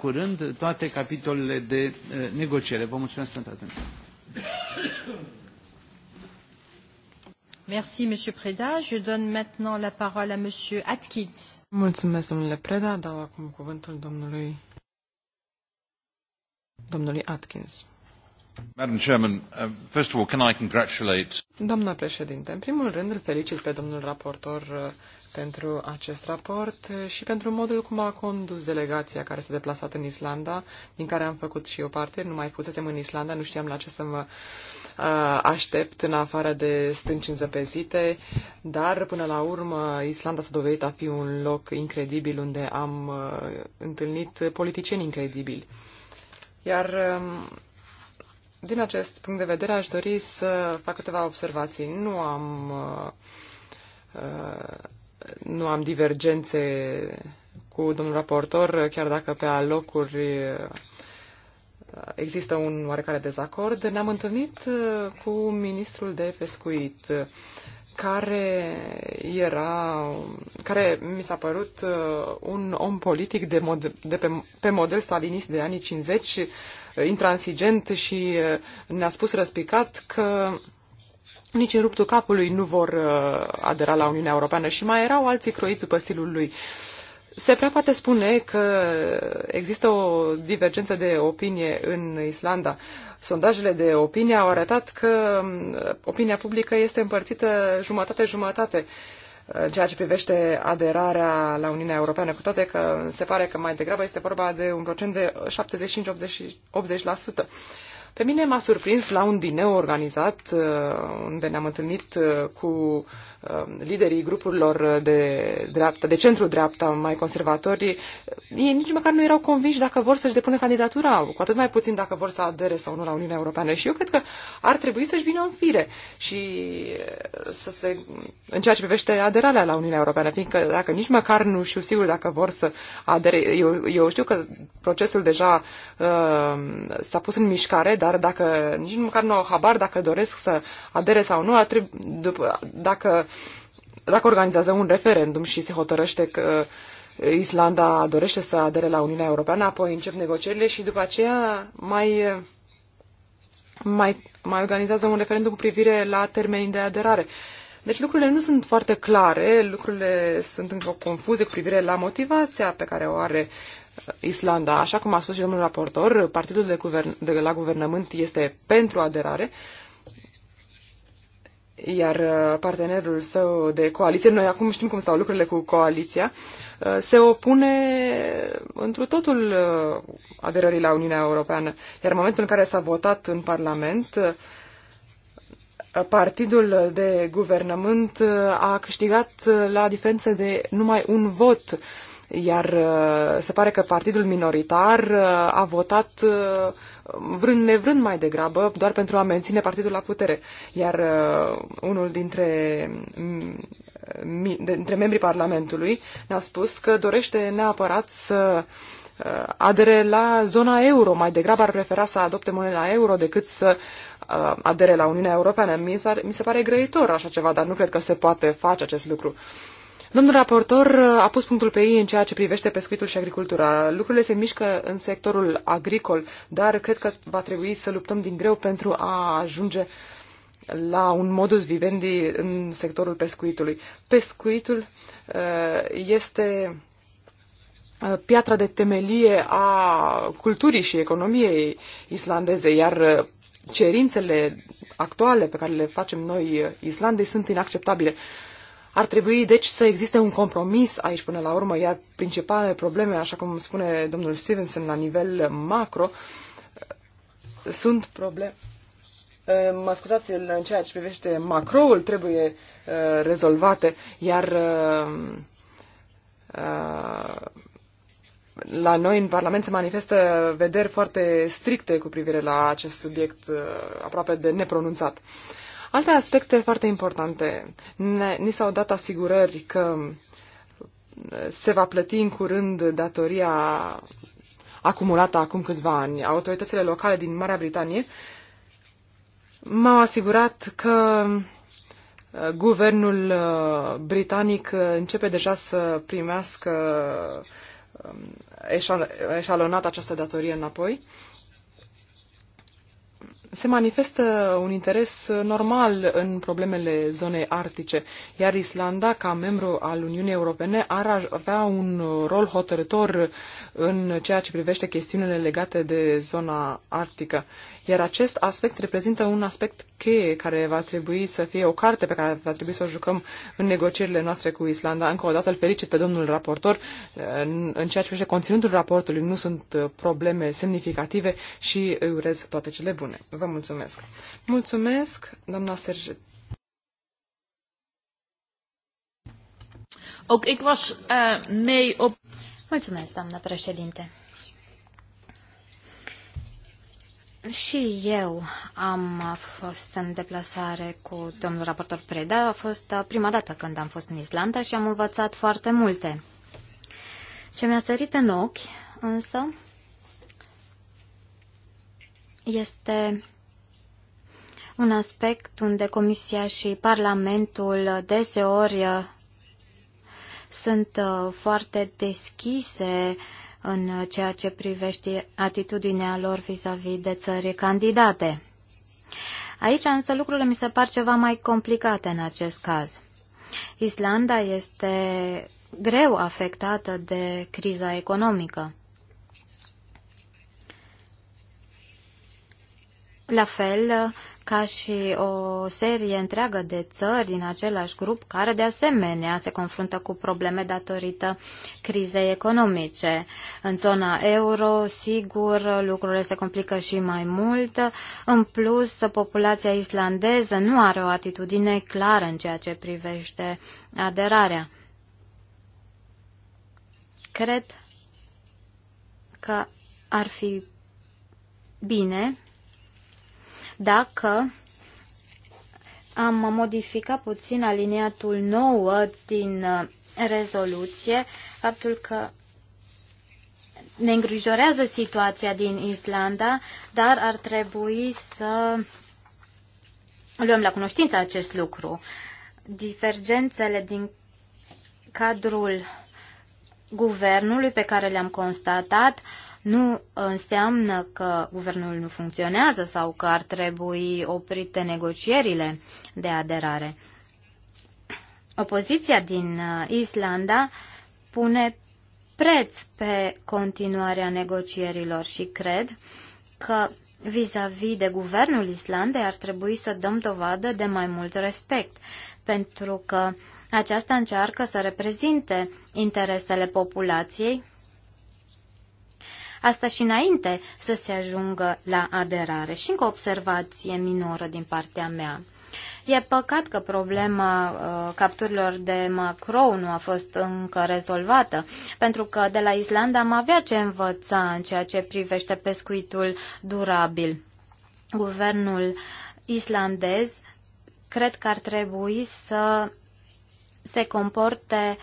curând toate capitolele de eh, negociere. Vă mulțumesc pentru atenție. Merci, Monsieur Preda. Je donne maintenant la parole à Monsieur Atkins. Mulțumesc, domnule Preda. Dau acum cuvântul domnului, domnului Atkins. Madam Chairman, uh, first of all, can I congratulate... Doamna președinte, în primul rând îl felicit pe domnul raportor uh, pentru acest raport și pentru modul cum a condus delegația care s-a deplasat în Islanda, din care am făcut și eu parte. Nu mai fusesem în Islanda, nu știam la ce să mă uh, aștept în afară de stânci înzăpezite, dar până la urmă Islanda s-a dovedit a fi un loc incredibil unde am uh, întâlnit politicieni incredibili. Iar uh, din acest punct de vedere aș dori să fac câteva observații. Nu am uh, uh nu am divergențe cu domnul raportor, chiar dacă pe alocuri uh, există un oarecare dezacord. Ne-am întâlnit uh, cu ministrul de pescuit care era, care mi s-a părut uh, un om politic de, mod, de pe, pe model stalinist de anii 50, intransigent și ne-a spus răspicat că nici în ruptul capului nu vor uh, adera la Uniunea Europeană și mai erau alții croiți după stilul lui. Se prea poate spune că există o divergență de opinie în Islanda. Sondajele de opinie au arătat că um, opinia publică este împărțită jumătate-jumătate în ceea ce privește aderarea la Uniunea Europeană, cu toate că se pare că mai degrabă este vorba de un procent de 75-80%. Pe mine m-a surprins la un dineu organizat uh, unde ne-am întâlnit uh, cu uh, liderii grupurilor de dreapta, de centru-dreapta mai conservatori. Ei nici măcar nu erau convinși dacă vor să-și depună candidatura, cu atât mai puțin dacă vor să adere sau nu la Uniunea Europeană. Și eu cred că ar trebui să-și vină în fire și să se, în ceea ce privește aderarea la Uniunea Europeană, fiindcă dacă nici măcar nu știu sigur dacă vor să adere, eu, eu știu că procesul deja uh, s-a pus în mișcare, dar dar dacă nici măcar nu au habar dacă doresc să adere sau nu, atrib, după, dacă, dacă organizează un referendum și se hotărăște că Islanda dorește să adere la Uniunea Europeană, apoi încep negocierile și după aceea mai, mai, mai organizează un referendum cu privire la termenii de aderare. Deci lucrurile nu sunt foarte clare, lucrurile sunt încă confuze cu privire la motivația pe care o are Islanda. Așa cum a spus și domnul raportor, partidul de, guvern, de la guvernământ este pentru aderare, iar uh, partenerul său de coaliție, noi acum știm cum stau lucrurile cu coaliția, uh, se opune întru totul uh, aderării la Uniunea Europeană. Iar în momentul în care s-a votat în Parlament, partidul de guvernământ a câștigat la diferență de numai un vot iar uh, se pare că partidul minoritar uh, a votat uh, vrând nevrând mai degrabă doar pentru a menține partidul la putere. Iar unul dintre mm, dintre membrii Parlamentului ne-a spus că dorește neapărat să adere la zona euro. Mai degrabă ar prefera să adopte moneda euro decât să adere la Uniunea Europeană. Mi se pare grăitor așa ceva, dar nu cred că se poate face acest lucru. Domnul raportor uh, a pus punctul pe ei în ceea ce privește pescuitul și agricultura. Lucrurile se mișcă în sectorul agricol, dar cred că va trebui să luptăm din greu pentru a ajunge la un modus vivendi în sectorul pescuitului. Pescuitul uh, este uh, piatra de temelie a culturii și economiei islandeze, iar cerințele actuale pe care le facem noi Islandei sunt inacceptabile. Ar trebui, deci, să existe un compromis aici până la urmă, iar principalele probleme, așa cum spune domnul Stevenson la nivel macro, sunt probleme. Uh, mă scuzați, în ceea ce privește macroul trebuie uh, rezolvate, iar uh, la noi în Parlament se manifestă vederi foarte stricte cu privire la acest subiect aproape de nepronunțat. Alte aspecte foarte importante. Ne, ni s-au dat asigurări că eh, se va plăti în curând datoria acumulată acum câțiva ani. Autoritățile locale din Marea Britanie m-au asigurat că eh, guvernul eh, britanic începe deja să primească eșalonat această datorie înapoi se manifestă un interes normal în problemele zonei arctice, iar Islanda, ca membru al Uniunii Europene, ar avea un rol hotărător în ceea ce privește chestiunile legate de zona arctică. Iar acest aspect reprezintă un aspect cheie care va trebui să fie o carte pe care va trebui să o jucăm în negocierile noastre cu Islanda. Încă o dată îl felicit pe domnul raportor. În ceea ce privește conținutul raportului nu sunt probleme semnificative și îi urez toate cele bune. Vă Vă mulțumesc. Mulțumesc, doamna Serge. Ook ik was eh, mee op. Mulțumesc, doamna președinte. Și eu am fost în deplasare cu domnul raportor Preda. A fost uh, prima dată când am fost în Islanda și am învățat foarte multe. Ce mi-a sărit în ochi, însă, este un aspect unde Comisia și Parlamentul deseori uh, sunt uh, foarte deschise în ceea ce privește atitudinea lor vis-a-vis -vis de țări candidate. Aici însă lucrurile mi se par ceva mai complicate în acest caz. Islanda este greu afectată de criza economică. La fel ca și o serie întreagă de țări din același grup care de asemenea se confruntă cu probleme datorită crizei economice. În zona euro, sigur, lucrurile se complică și mai mult. În plus, populația islandeză nu are o atitudine clară în ceea ce privește aderarea. Cred că ar fi bine dacă am modificat puțin aliniatul 9 din uh, rezoluție, faptul că ne îngrijorează situația din Islanda, dar ar trebui să luăm la cunoștință acest lucru. Divergențele din cadrul guvernului pe care le-am constatat uh, nu înseamnă că guvernul nu funcționează sau că ar trebui oprite negocierile de aderare. Opoziția din uh, Islanda pune preț pe continuarea negocierilor și cred că vis-a-vis -vis de guvernul Islandei ar trebui să dăm dovadă de mai mult respect, pentru că aceasta încearcă să reprezinte interesele populației Asta și înainte să se ajungă la aderare. Și încă o observație minoră din partea mea. E păcat că problema uh, capturilor de macro nu a fost încă rezolvată, pentru că de la Islanda am avea ce învăța în ceea ce privește pescuitul durabil. Guvernul islandez cred că ar trebui să se comporte uh,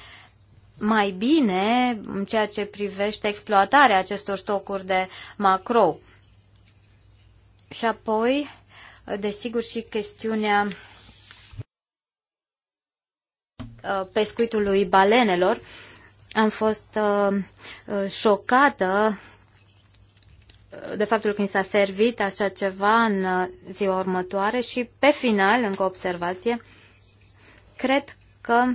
mai bine în ceea ce privește exploatarea acestor stocuri de macro. Și apoi, desigur, și chestiunea uh, pescuitului balenelor. Am fost uh, uh, șocată de faptul că mi s-a servit așa ceva în ziua următoare și pe final, încă o observație, cred că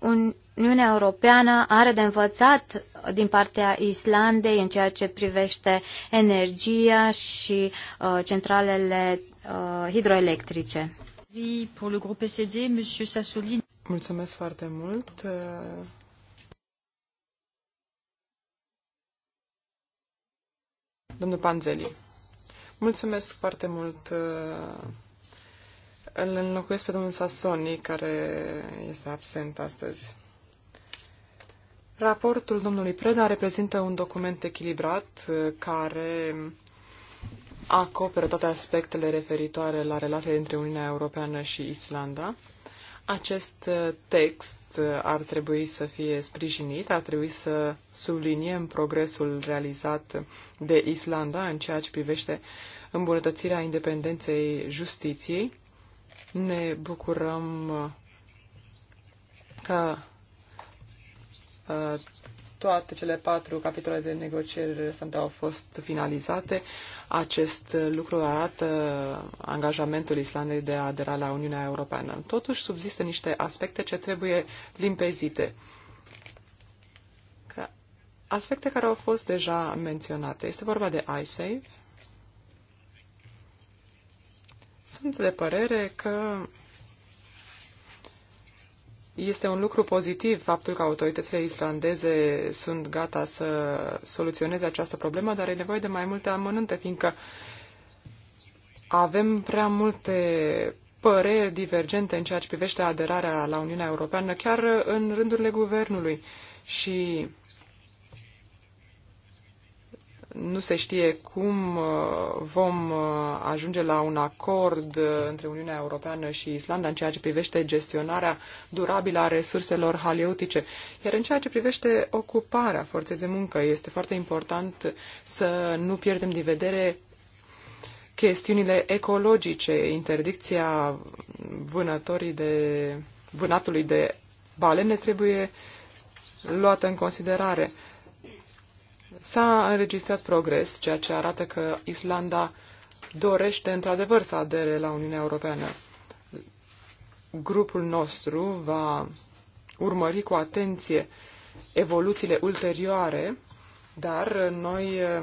Uniunea Europeană are de învățat din partea Islandei în ceea ce privește energia și uh, centralele uh, hidroelectrice. Mulțumesc foarte mult. Domnul Panzeli, mulțumesc foarte mult uh, îl înlocuiesc pe domnul Sassoni, care este absent astăzi. Raportul domnului Preda reprezintă un document echilibrat uh, care acoperă toate aspectele referitoare la relația dintre Uniunea Europeană și Islanda. Acest uh, text uh, ar trebui să fie sprijinit, ar trebui să subliniem progresul realizat de Islanda în ceea ce privește îmbunătățirea independenței justiției ne bucurăm uh, că uh, toate cele patru capitole de negocieri restante au fost finalizate. Acest lucru arată angajamentul Islandei de a adera la Uniunea Europeană. Totuși, subzistă niște aspecte ce trebuie limpezite. Aspecte care au fost deja menționate. Este vorba de iSave, Sunt de părere că este un lucru pozitiv faptul că autoritățile islandeze sunt gata să soluționeze această problemă, dar e nevoie de mai multe amănunte, fiindcă avem prea multe păreri divergente în ceea ce privește aderarea la Uniunea Europeană, chiar în rândurile guvernului. Și nu se știe cum uh, vom uh, ajunge la un acord uh, între Uniunea Europeană și Islanda în ceea ce privește gestionarea durabilă a resurselor haleutice. Iar în ceea ce privește ocuparea forței de muncă, este foarte important să nu pierdem de vedere chestiunile ecologice, interdicția vânătorii de, vânatului de balene trebuie luată în considerare. S-a înregistrat progres, ceea ce arată că Islanda dorește într-adevăr să adere la Uniunea Europeană. Grupul nostru va urmări cu atenție evoluțiile ulterioare, dar noi eh,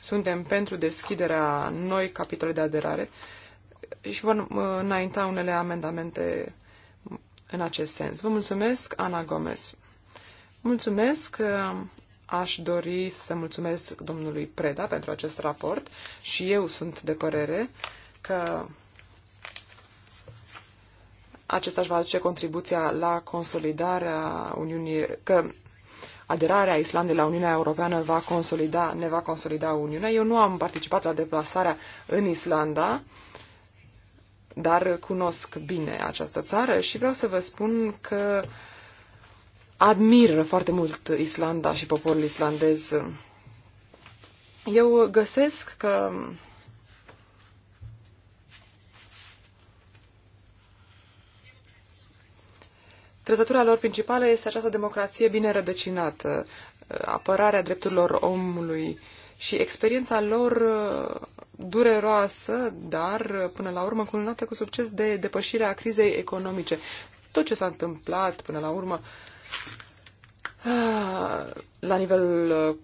suntem pentru deschiderea noi capitole de aderare și vom eh, înainta unele amendamente în acest sens. Vă mulțumesc, Ana Gomez. Mulțumesc. Eh, Aș dori să mulțumesc domnului Preda pentru acest raport și eu sunt de părere că acesta își va aduce contribuția la consolidarea Uniunii, că aderarea Islandei la Uniunea Europeană va consolida, ne va consolida Uniunea. Eu nu am participat la deplasarea în Islanda, dar cunosc bine această țară și vreau să vă spun că uh, admir foarte mult Islanda și poporul islandez. Eu găsesc că Trăsătura lor principală este această democrație bine rădăcinată, apărarea drepturilor omului și experiența lor dureroasă, dar până la urmă culminată cu succes de depășirea crizei economice. Tot ce s-a întâmplat până la urmă uh, Ah, la nivelul uh,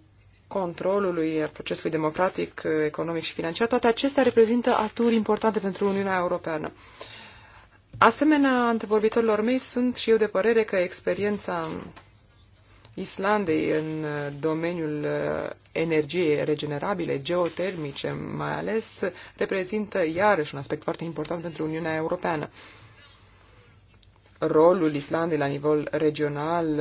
controlului, procesului democratic, uh, economic și financiar, toate acestea reprezintă aturi importante pentru Uniunea Europeană. Asemenea, antevorbitorilor mei sunt și eu de părere că experiența Islandei în uh, domeniul energiei regenerabile, geotermice mai ales, reprezintă iarăși un aspect foarte important pentru Uniunea Europeană. Rolul Islandei la nivel regional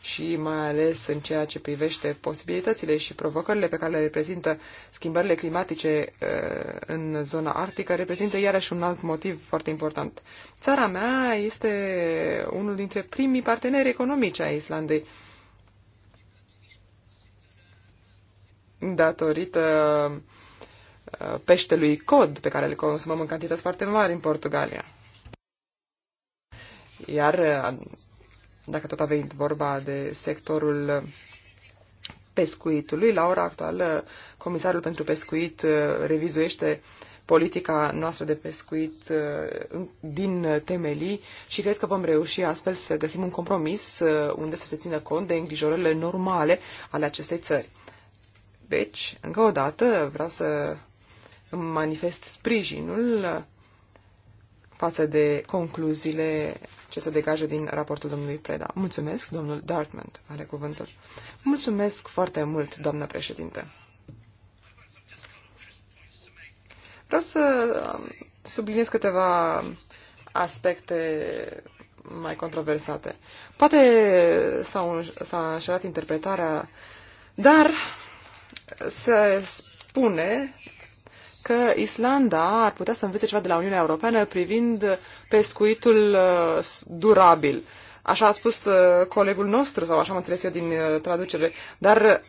și mai ales în ceea ce privește posibilitățile și provocările pe care le reprezintă schimbările climatice uh, în zona arctică, reprezintă iarăși un alt motiv foarte important. Țara mea este unul dintre primii parteneri economici ai Islandei. datorită uh, peștelui cod pe care îl consumăm în cantități foarte mari în Portugalia. Iar uh, dacă tot a venit vorba de sectorul pescuitului. La ora actuală, Comisarul pentru Pescuit uh, revizuiește politica noastră de pescuit uh, din temelii și cred că vom reuși astfel să găsim un compromis uh, unde să se țină cont de îngrijorările normale ale acestei țări. Deci, încă o dată, vreau să manifest sprijinul față de concluziile ce se degajă din raportul domnului Preda. Mulțumesc, domnul Dartmouth are cuvântul. Mulțumesc foarte mult, doamnă președinte. Vreau să um, subliniez câteva aspecte mai controversate. Poate s-a înșelat interpretarea, dar se spune că Islanda ar putea să învețe ceva de la Uniunea Europeană privind pescuitul uh, durabil. Așa a spus uh, colegul nostru, sau așa am înțeles eu din uh, traducere. Dar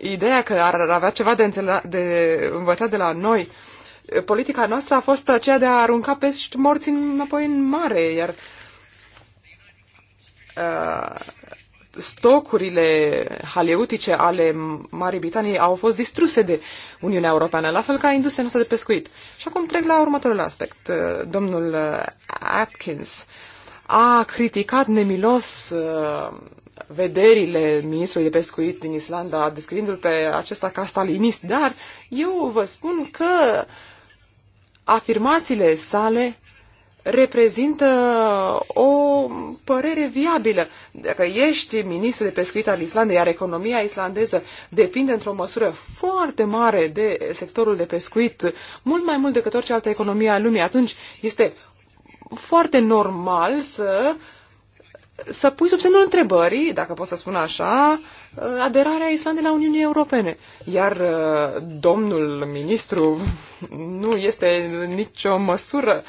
ideea că ar avea ceva de, de învățat de la noi, politica noastră a fost aceea de a arunca pești morți înapoi în mare, iar uh, stocurile haleutice ale Marii Britanii au fost distruse de Uniunea Europeană, la fel ca industria noastră de pescuit. Și acum trec la următorul aspect. Domnul Atkins a criticat nemilos uh, vederile ministrului de pescuit din Islanda, descriindu-l pe acesta ca stalinist, dar eu vă spun că afirmațiile sale reprezintă o părere viabilă. Dacă ești ministru de pescuit al Islandei, iar economia islandeză depinde într-o măsură foarte mare de sectorul de pescuit, mult mai mult decât orice altă economie a lumii, atunci este foarte normal să să pui sub semnul întrebării, dacă pot să spun așa, aderarea Islandei la Uniunea Europene. Iar uh, domnul ministru nu este nicio măsură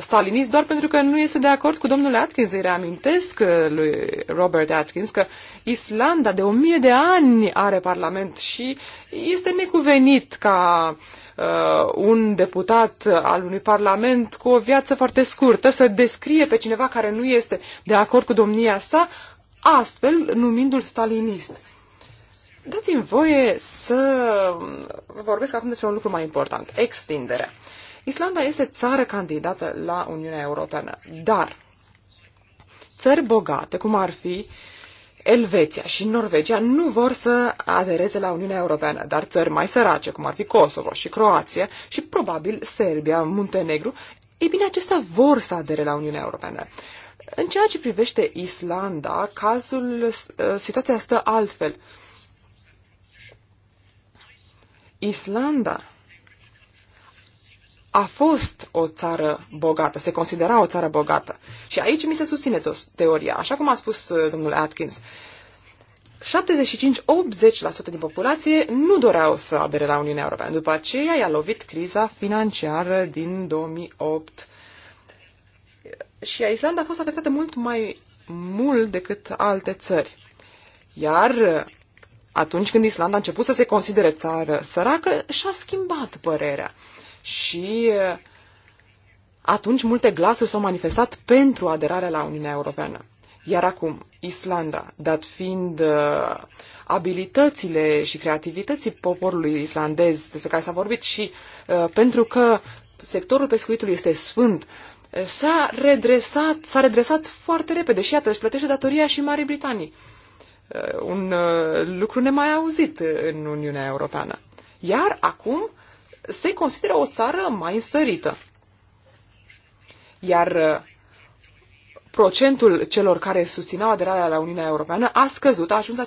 stalinist doar pentru că nu este de acord cu domnul Atkins. Îi reamintesc uh, lui Robert Atkins că Islanda de o mie de ani are parlament și este necuvenit ca uh, un deputat al unui parlament cu o viață foarte scurtă să descrie pe cineva care nu este de acord cu domnia sa, astfel numindu-l stalinist. Dați-mi voie să vorbesc acum despre un lucru mai important, extinderea. Islanda este țară candidată la Uniunea Europeană, dar țări bogate, cum ar fi Elveția și Norvegia, nu vor să adereze la Uniunea Europeană, dar țări mai sărace, cum ar fi Kosovo și Croația și probabil Serbia, Muntenegru, ei bine, acestea vor să adere la Uniunea Europeană. În ceea ce privește Islanda, cazul, ă, situația stă altfel. Islanda a fost o țară bogată, se considera o țară bogată. Și aici mi se susține teoria, așa cum a spus uh, domnul Atkins. 75-80% din populație nu doreau să adere la Uniunea Europeană. După aceea i-a lovit criza financiară din 2008. Și Islanda a fost afectată mult mai mult decât alte țări. Iar uh, atunci când Islanda a început să se considere țară săracă, și-a schimbat părerea și atunci multe glasuri s-au manifestat pentru aderarea la Uniunea Europeană. Iar acum, Islanda, dat fiind uh, abilitățile și creativității poporului islandez despre care s-a vorbit și uh, pentru că sectorul pescuitului este sfânt, s-a redresat, s-a redresat foarte repede și iată, își plătește datoria și Marii Britanii. Uh, un uh, lucru nemai auzit în Uniunea Europeană. Iar acum se consideră o țară mai înstărită. Iar uh, procentul celor care susțineau aderarea la Uniunea Europeană a scăzut, a ajuns la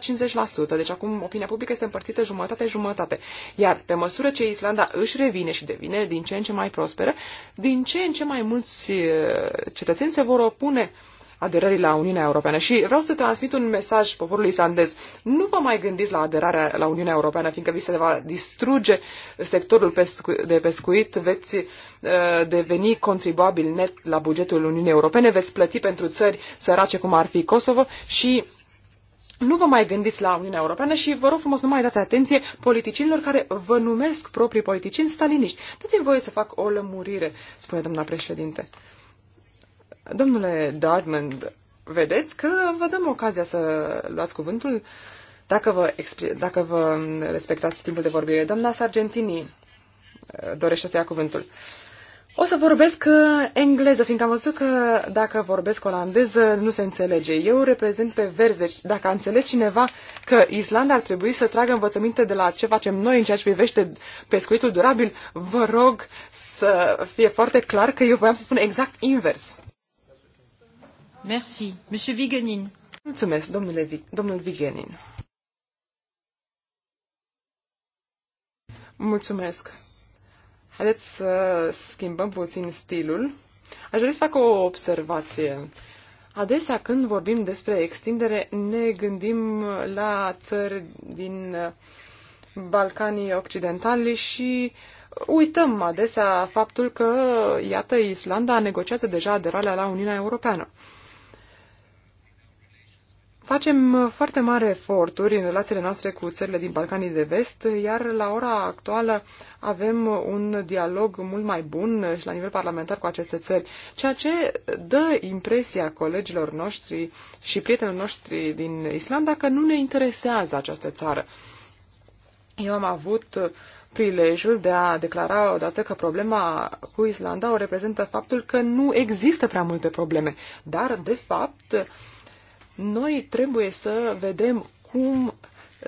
50%. Deci acum opinia publică este împărțită jumătate-jumătate. Iar pe măsură ce Islanda își revine și devine din ce în ce mai prosperă, din ce în ce mai mulți uh, cetățeni se vor opune uh, aderării la Uniunea Europeană. Și vreau să transmit un mesaj poporului islandez. Nu vă mai gândiți la aderarea la Uniunea Europeană, fiindcă vi se va distruge sectorul pescu- de pescuit, veți uh, deveni contribuabil net la bugetul Uniunii Europene, veți plăti pentru țări sărace cum ar fi Kosovo și nu vă mai gândiți la Uniunea Europeană și vă rog frumos nu mai dați atenție politicienilor care vă numesc proprii politicieni staliniști. Dați-mi voie să fac o lămurire, spune doamna președinte. Domnule Dartmouth, vedeți că vă dăm ocazia să luați cuvântul dacă vă, dacă vă respectați timpul de vorbire. Doamna Sargentini uh, dorește să ia cuvântul. O să vorbesc uh, engleză, fiindcă am văzut că dacă vorbesc olandeză nu se înțelege. Eu reprezint pe verzi, deci dacă a înțeles cineva că Islanda ar trebui să tragă învățăminte de la ce facem noi în ceea ce privește pescuitul durabil, vă rog să fie foarte clar că eu voiam să spun exact invers. Merci. Monsieur Vigenin. Mulțumesc, domnule, domnul Vigenin. Mulțumesc. Haideți să schimbăm puțin stilul. Aș vrea să fac o observație. Adesea când vorbim despre extindere, ne gândim la țări din uh, Balcanii Occidentali și uităm adesea faptul că, iată, Islanda negociază deja aderarea la Uniunea Europeană. Facem uh, foarte mari eforturi în relațiile noastre cu țările din Balcanii de Vest, iar la ora actuală avem un dialog mult mai bun și la nivel parlamentar cu aceste țări, ceea ce dă impresia colegilor noștri și prietenilor noștri din Islanda că nu ne interesează această țară. Eu am avut prilejul de a declara odată că problema cu Islanda o reprezintă faptul că nu există prea multe probleme, dar, de fapt, noi trebuie să vedem cum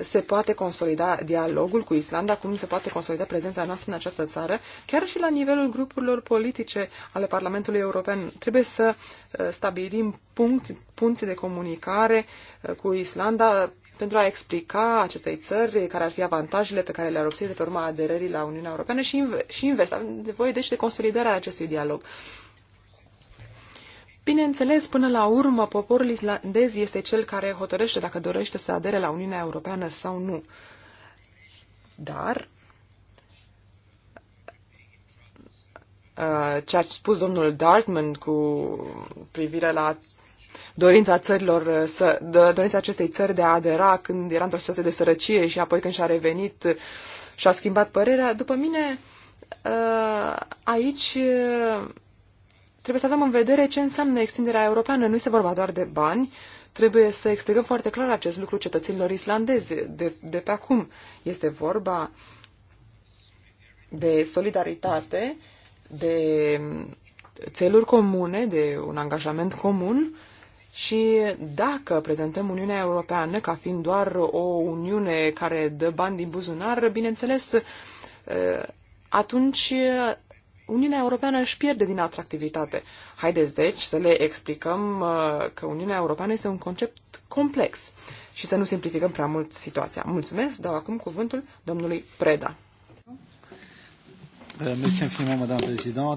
se poate consolida dialogul cu Islanda, cum se poate consolida prezența noastră în această țară, chiar și la nivelul grupurilor politice ale Parlamentului European. Trebuie să uh, stabilim punct, punți de comunicare uh, cu Islanda pentru a explica acestei țări care ar fi avantajele pe care le-ar obține de pe urma aderării la Uniunea Europeană și, inv- și invers. Avem nevoie deci de consolidarea acestui dialog. Bineînțeles, până la urmă, poporul islandez este cel care hotărăște dacă dorește să adere la Uniunea Europeană sau nu. Dar uh, ce a spus domnul Dartman cu privire la dorința țărilor, uh, să, dorința acestei țări de a adera când era într-o situație de sărăcie și apoi când și-a revenit și-a schimbat părerea, după mine uh, aici Trebuie să avem în vedere ce înseamnă extinderea europeană. Nu este vorba doar de bani, trebuie să explicăm foarte clar acest lucru cetățenilor islandezi de, de pe acum. Este vorba de solidaritate, de țeluri comune, de un angajament comun și dacă prezentăm Uniunea Europeană ca fiind doar o Uniune care dă bani din buzunar, bineînțeles, eh, atunci Uniunea Europeană își pierde din atractivitate. Haideți, deci, să le explicăm uh, că Uniunea Europeană este un concept complex și să nu simplificăm prea mult situația. Mulțumesc, dau acum cuvântul domnului Preda. Uh,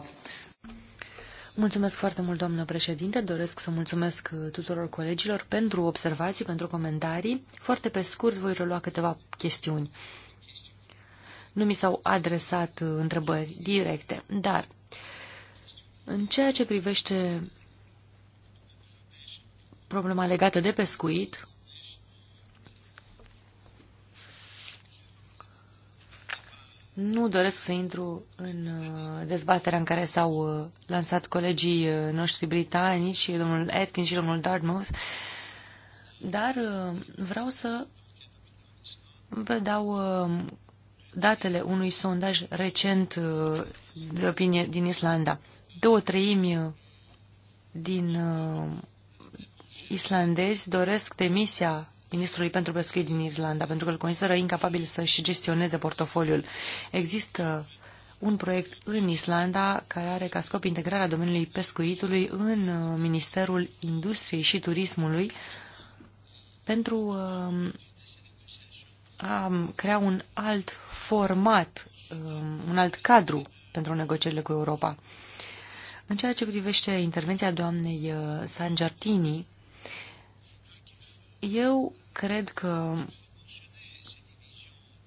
mulțumesc foarte mult, doamnă președinte. Doresc să mulțumesc uh, tuturor colegilor pentru observații, pentru comentarii. Foarte pe scurt voi relua câteva chestiuni. Uh, nu mi s-au adresat uh, întrebări directe, dar în ceea ce privește problema legată de pescuit, Nu doresc să intru în uh, dezbaterea în care s-au uh, lansat colegii noștri britanici, domnul Atkins și domnul Dartmouth, dar vreau să vă dau datele unui sondaj recent uh, de opinie din Islanda. Două treimi uh, din uh, islandezi doresc demisia ministrului pentru pescuit din Irlanda, pentru că îl consideră incapabil să-și gestioneze portofoliul. Există un proiect în Islanda care are ca scop integrarea domeniului pescuitului în Ministerul Industriei și Turismului pentru a crea un alt format, um, un alt cadru pentru negocierile cu Europa. În ceea ce privește intervenția doamnei uh, Sangiartini, eu cred că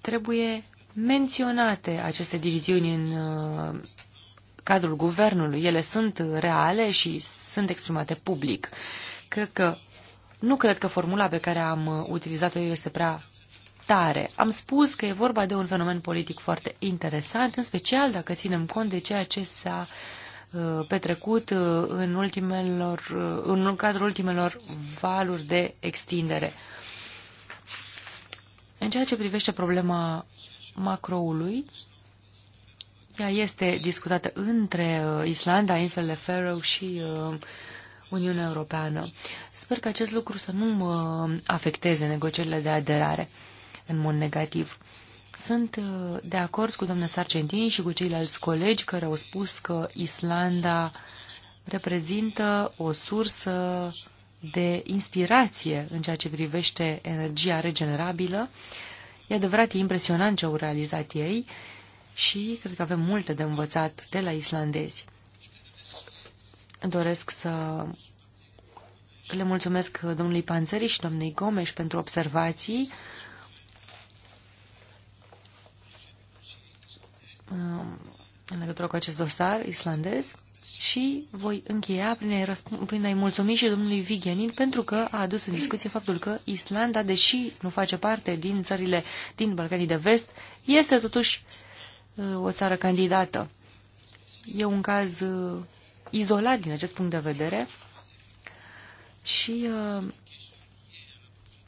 trebuie menționate aceste diviziuni în uh, cadrul guvernului. Ele sunt reale și sunt exprimate public. Cred că nu cred că formula pe care am uh, utilizat-o eu este prea tare. Am spus că e vorba de un fenomen politic foarte interesant, în special dacă ținem cont de ceea ce s-a uh, petrecut uh, în, ultimelor, uh, în cadrul ultimelor valuri de extindere. În ceea ce privește problema macroului, ea este discutată între Islanda, insulele Faroe și Uniunea Europeană. Sper că acest lucru să nu afecteze negocierile de aderare în mod negativ. Sunt uh, de acord cu domnul Sargentini și cu ceilalți colegi care au spus că Islanda reprezintă o sursă de inspirație în ceea ce privește energia regenerabilă. E adevărat, e impresionant ce au realizat ei și cred că avem multe de învățat de la islandezi. Doresc să le mulțumesc domnului Panzeri și domnului Gomes pentru observații Um, în legătură cu acest dosar islandez și voi încheia prin a-i, răsp- prin a mulțumi și domnului Vigenin pentru că a adus în discuție faptul că Islanda, deși nu face parte din țările din Balcanii de Vest, este totuși uh, o țară candidată. E un caz uh, izolat din acest punct de vedere și uh,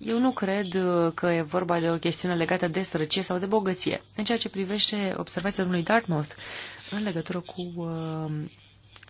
eu nu cred uh, că e vorba de o chestiune legată de sărăcie sau de bogăție. În ceea ce privește observația domnului Dartmouth în legătură cu uh,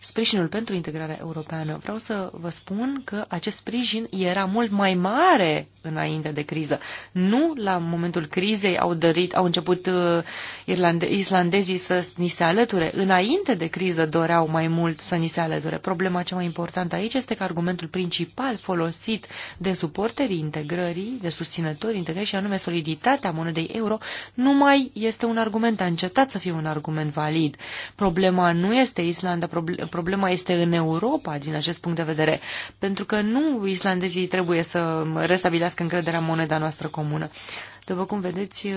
sprijinul pentru integrarea europeană. Vreau să vă spun că acest sprijin era mult mai mare înainte de criză. Nu la momentul crizei au dărit, au început uh, irlande- islandezii să ni se alăture. Înainte de criză doreau mai mult să ni se alăture. Problema cea mai importantă aici este că argumentul principal folosit de suporterii integrării, de susținători integrării și anume soliditatea monedei euro, nu mai este un argument, a încetat să fie un argument valid. Problema nu este Islanda, problema este în Europa din acest punct de vedere, pentru că nu islandezii trebuie să restabilească încrederea moneda noastră comună. După cum vedeți,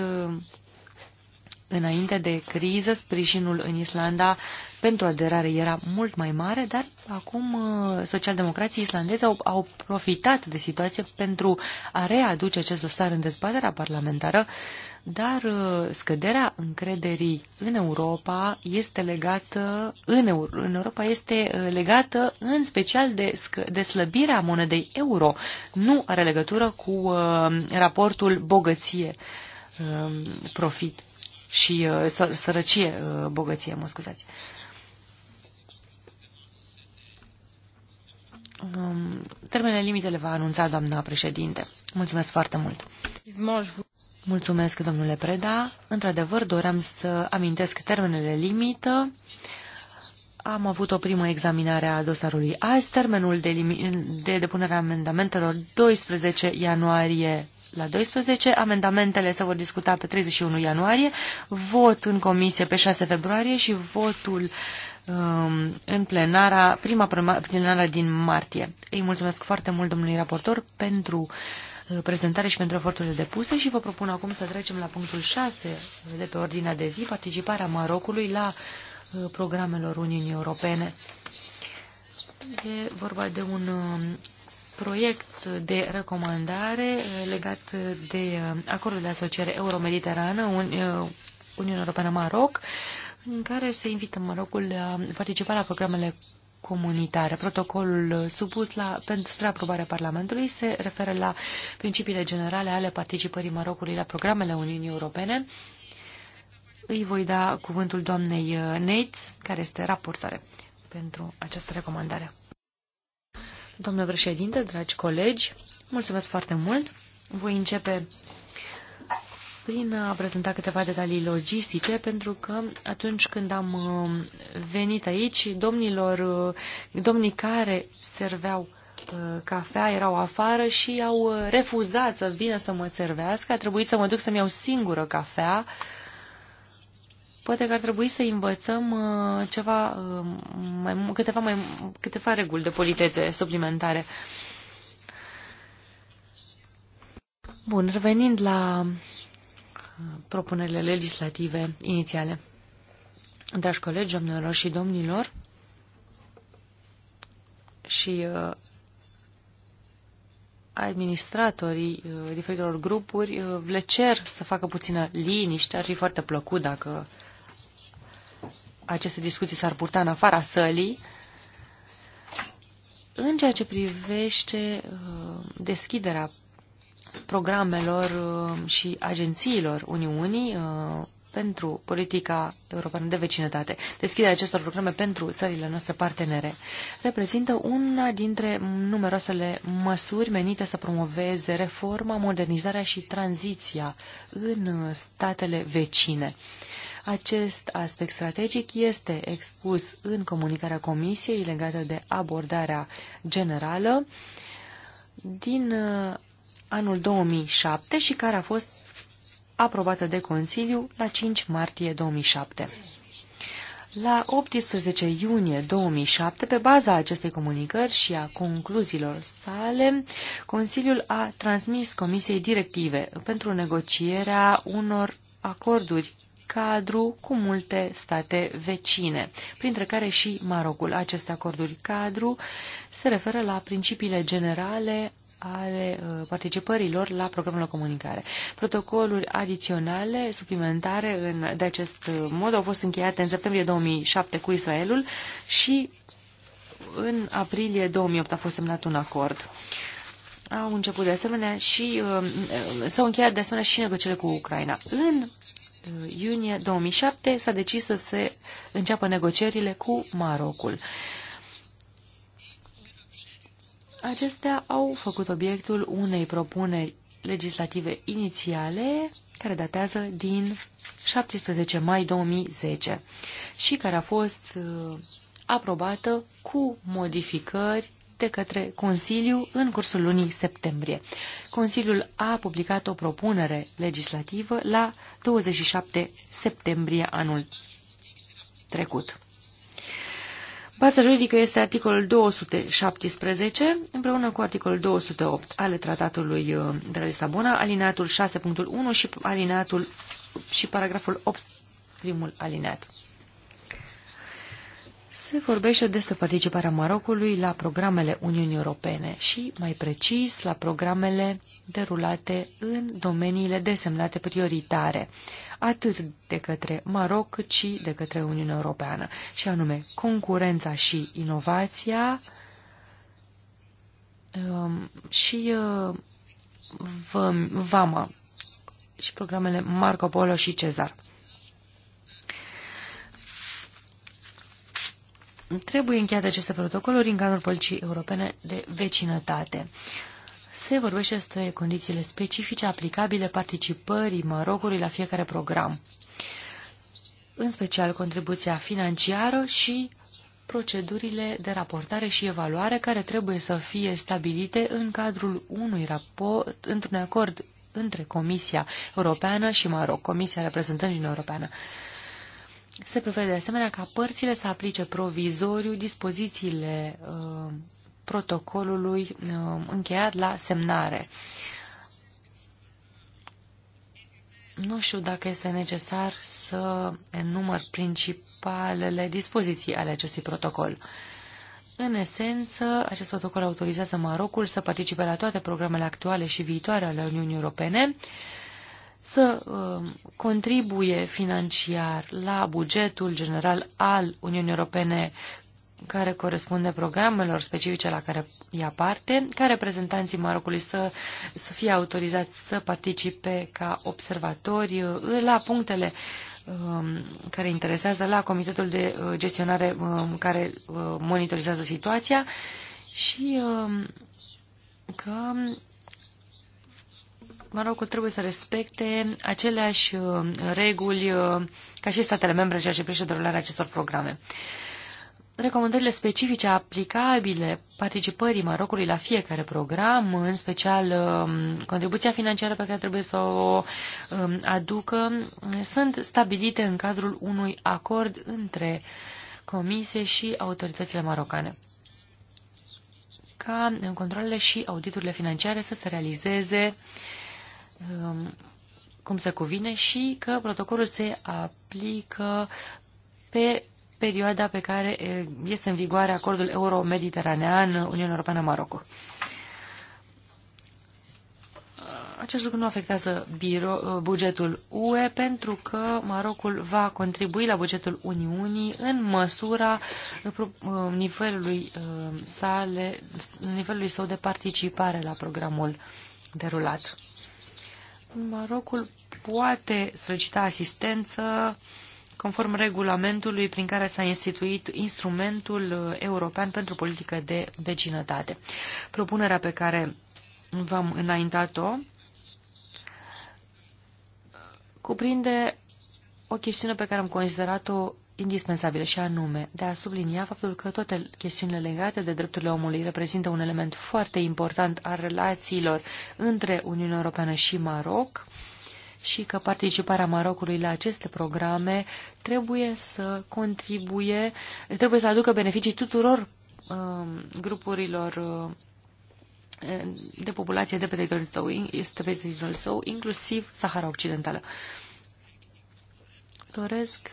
Înainte de criză, sprijinul în Islanda pentru aderare era mult mai mare, dar acum uh, socialdemocrații islandezi au, au profitat de situație pentru a readuce acest dosar în dezbaterea parlamentară, dar uh, scăderea încrederii în Europa este legată în, Euro, în Europa este uh, legată în special de, de slăbirea monedei euro. Nu are legătură cu uh, raportul bogăție uh, profit și uh, sărăcie, uh, bogăție, mă scuzați. Um, termenele limitele va anunța doamna președinte. Mulțumesc foarte mult. Mulțumesc, domnule Preda. Într-adevăr, doream să amintesc termenele limită. Am avut o primă examinare a dosarului azi. Termenul de, de depunere a amendamentelor 12 ianuarie la 12. Amendamentele se vor discuta pe 31 ianuarie, vot în comisie pe 6 februarie și votul um, în plenara, prima plenară din martie. Îi mulțumesc foarte mult domnului raportor pentru uh, prezentare și pentru eforturile depuse și vă propun acum să trecem la punctul 6 de pe ordinea de zi, participarea Marocului la uh, programelor Uniunii Europene. E vorba de un uh, proiect de recomandare uh, legat de uh, acordul de asociere euro euro-mediterană uh, Uniunea Europeană-Maroc, în care se invită Marocul la participa la programele comunitare. Protocolul supus la, pentru aprobarea Parlamentului se referă la principiile generale ale participării Marocului la programele Uniunii Europene. Îi voi da cuvântul doamnei Neitz, care este raportoare pentru această recomandare. Domnule președinte, dragi colegi, mulțumesc foarte mult. Voi începe prin a prezenta câteva detalii logistice, pentru că atunci când am uh, venit aici, domnilor, uh, domnii care serveau uh, cafea erau afară și au refuzat să vină să mă servească. A trebuit să mă duc să-mi iau singură cafea Poate că ar trebui să învățăm uh, ceva, uh, mai, câteva, mai, câteva reguli de politețe suplimentare. Bun, revenind la uh, propunerile legislative inițiale. Dragi colegi, domnilor și domnilor, și uh, administratorii uh, diferitelor grupuri uh, le cer să facă puțină liniște. Ar fi foarte plăcut dacă aceste discuții s-ar purta în afara sălii. În ceea ce privește uh, deschiderea programelor uh, și agențiilor Uniunii uh, pentru politica europeană de vecinătate, deschiderea acestor programe pentru țările noastre partenere, reprezintă una dintre numeroasele măsuri menite să promoveze reforma, modernizarea și tranziția în statele vecine. Acest aspect strategic este expus în comunicarea Comisiei legată de abordarea generală din uh, anul 2007 și care a fost aprobată de Consiliu la 5 martie 2007. La 18 iunie 2007, pe baza acestei comunicări și a concluziilor sale, Consiliul a transmis Comisiei directive pentru negocierea unor acorduri cadru cu multe state vecine, printre care și Marocul. Aceste acorduri cadru se referă la principiile generale ale uh, participărilor la programul de comunicare. Protocoluri adiționale, suplimentare în, de acest uh, mod au fost încheiate în septembrie 2007 cu Israelul și în aprilie 2008 a fost semnat un acord. Au început de asemenea și uh, s-au încheiat de asemenea și negocierile cu Ucraina. În iunie 2007 s-a decis să se înceapă negocierile cu Marocul. Acestea au făcut obiectul unei propuneri legislative inițiale care datează din 17 mai 2010 și care a fost uh, aprobată cu modificări de către Consiliu în cursul lunii septembrie. Consiliul a publicat o propunere legislativă la 27 septembrie anul trecut. Baza juridică este articolul 217 împreună cu articolul 208 ale tratatului uh, de la Lisabona, alineatul 6.1 și alineatul și paragraful 8, primul alineat. Se vorbește despre participarea Marocului la programele Uniunii Europene și, mai precis, la programele derulate în domeniile desemnate prioritare, atât de către Maroc cât și de către Uniunea Europeană, și anume concurența și inovația um, și uh, VAMA și programele Marco Polo și Cezar. Trebuie încheiate aceste protocoluri în cadrul politicii europene de vecinătate se vorbește despre condițiile specifice aplicabile participării Marocului la fiecare program, în special contribuția financiară și procedurile de raportare și evaluare care trebuie să fie stabilite în cadrul unui raport, într-un acord între Comisia Europeană și Maroc, Comisia Reprezentărilor Europeană. Se prevede de asemenea ca părțile să aplice provizoriu dispozițiile uh, protocolului um, încheiat la semnare. Nu știu dacă este necesar să enumăr principalele dispoziții ale acestui protocol. În esență, acest protocol autorizează Marocul să participe la toate programele actuale și viitoare ale Uniunii Europene, să uh, contribuie financiar la bugetul general al Uniunii Europene care corespunde programelor specifice la care ia parte, ca reprezentanții Marocului să, să fie autorizați să participe ca observatori uh, la punctele um, care interesează la Comitetul de uh, Gestionare um, care uh, monitorizează situația și um, că Marocul trebuie să respecte aceleași reguli ca și statele membre în ceea ce privește derularea acestor programe recomandările specifice aplicabile participării Marocului la fiecare program, în special um, contribuția financiară pe care trebuie să o um, aducă, sunt stabilite în cadrul unui acord între Comisie și autoritățile marocane ca controlele și auditurile financiare să se realizeze um, cum se cuvine și că protocolul se aplică pe perioada pe care este în vigoare acordul euro-mediteranean Uniunea Europeană-Maroco. Acest lucru nu afectează biro, bugetul UE pentru că Marocul va contribui la bugetul Uniunii în măsura nivelului, sale, nivelului său de participare la programul derulat. Marocul poate solicita asistență uh, conform regulamentului prin care s-a instituit instrumentul uh, european pentru politică de vecinătate. Propunerea pe care v-am înaintat-o uh, cuprinde o chestiune pe care am considerat-o indispensabilă și anume de a sublinia faptul că toate chestiunile legate de drepturile omului reprezintă un element foarte important al relațiilor între Uniunea Europeană și Maroc, și că participarea Marocului la aceste programe trebuie să contribuie, trebuie să aducă beneficii tuturor uh, grupurilor uh, de populație de pe teritoriul, tău, este pe teritoriul său, inclusiv Sahara Occidentală. Doresc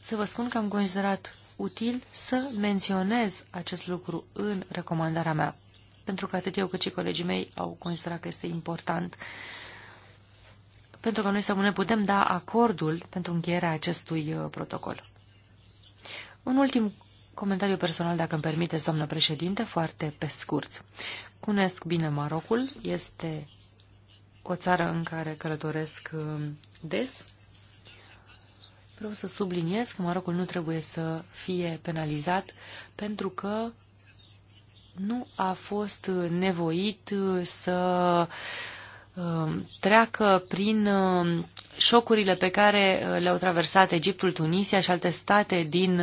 să vă spun că am considerat util să menționez acest lucru în recomandarea mea pentru că atât eu cât și colegii mei au considerat că este important pentru că noi să ne putem da acordul pentru încheierea acestui uh, protocol. Un ultim comentariu personal, dacă îmi permiteți, doamnă președinte, foarte pe scurt. Cunesc bine Marocul, este o țară în care călătoresc uh, des. Vreau să subliniez că Marocul nu trebuie să fie penalizat pentru că nu a fost uh, nevoit uh, să uh, treacă prin șocurile pe care le-au traversat Egiptul, Tunisia și alte state din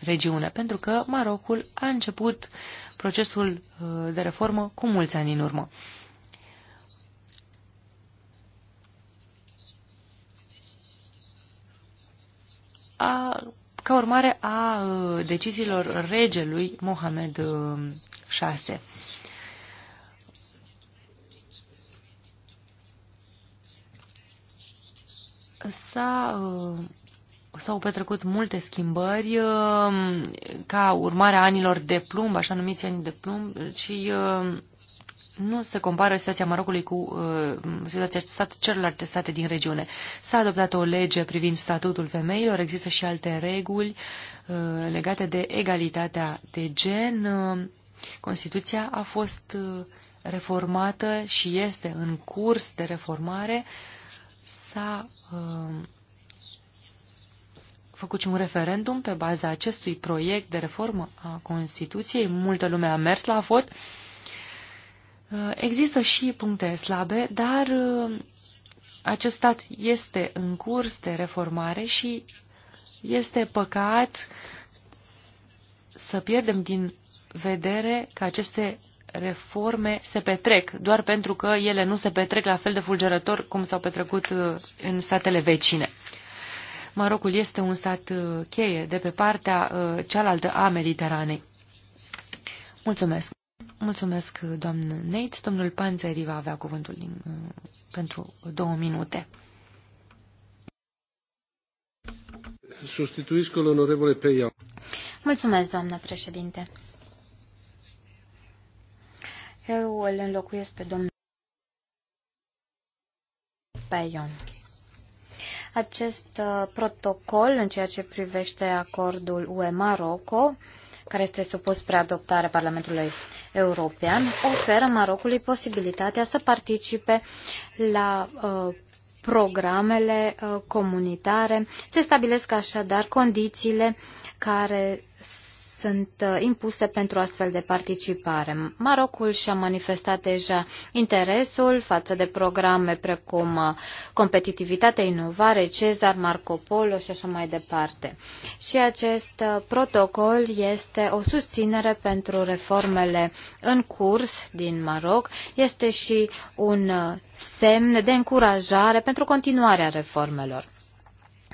regiune, pentru că Marocul a început procesul de reformă cu mulți ani în urmă. A ca urmare a uh, deciziilor regelui Mohamed VI. Uh, S-a uh, s-au petrecut multe schimbări ca urmare a anilor de plumb, așa numiți ani de plumb, și nu se compară situația Marocului cu uh, situația stat, celorlalte state din regiune. S-a adoptat o lege privind statutul femeilor, există și alte reguli uh, legate de egalitatea de gen. Uh, Constituția a fost uh, reformată și este în curs de reformare. S-a uh, făcut și un referendum pe baza acestui proiect de reformă a Constituției. Multă lume a mers la vot. Uh, Uh, există și puncte slabe, dar uh, acest stat este în curs de reformare și este păcat să pierdem din vedere că aceste reforme se petrec, doar pentru că ele nu se petrec la fel de fulgerător cum s-au petrecut uh, în statele vecine. Marocul este un stat cheie de pe partea cealaltă a Mediteranei. Mulțumesc! Mulțumesc, doamnă Neitz. Domnul Panțeri va avea cuvântul din, uh, pentru două minute. onorevole pe ea. Mulțumesc, doamnă președinte. Eu îl înlocuiesc pe domnul Peion. Acest uh, protocol în ceea ce privește acordul UE-Maroco uh, care este supus spre adoptare Parlamentului European, oferă Marocului posibilitatea să participe la uh, programele uh, comunitare. Se stabilesc așadar condițiile care sunt uh, impuse pentru astfel de participare. Marocul și-a manifestat deja interesul față de programe precum uh, competitivitate, inovare, Cezar, Marco Polo și așa mai departe. Și acest uh, protocol este o susținere pentru reformele în curs din Maroc, este și un semn de încurajare pentru continuarea reformelor.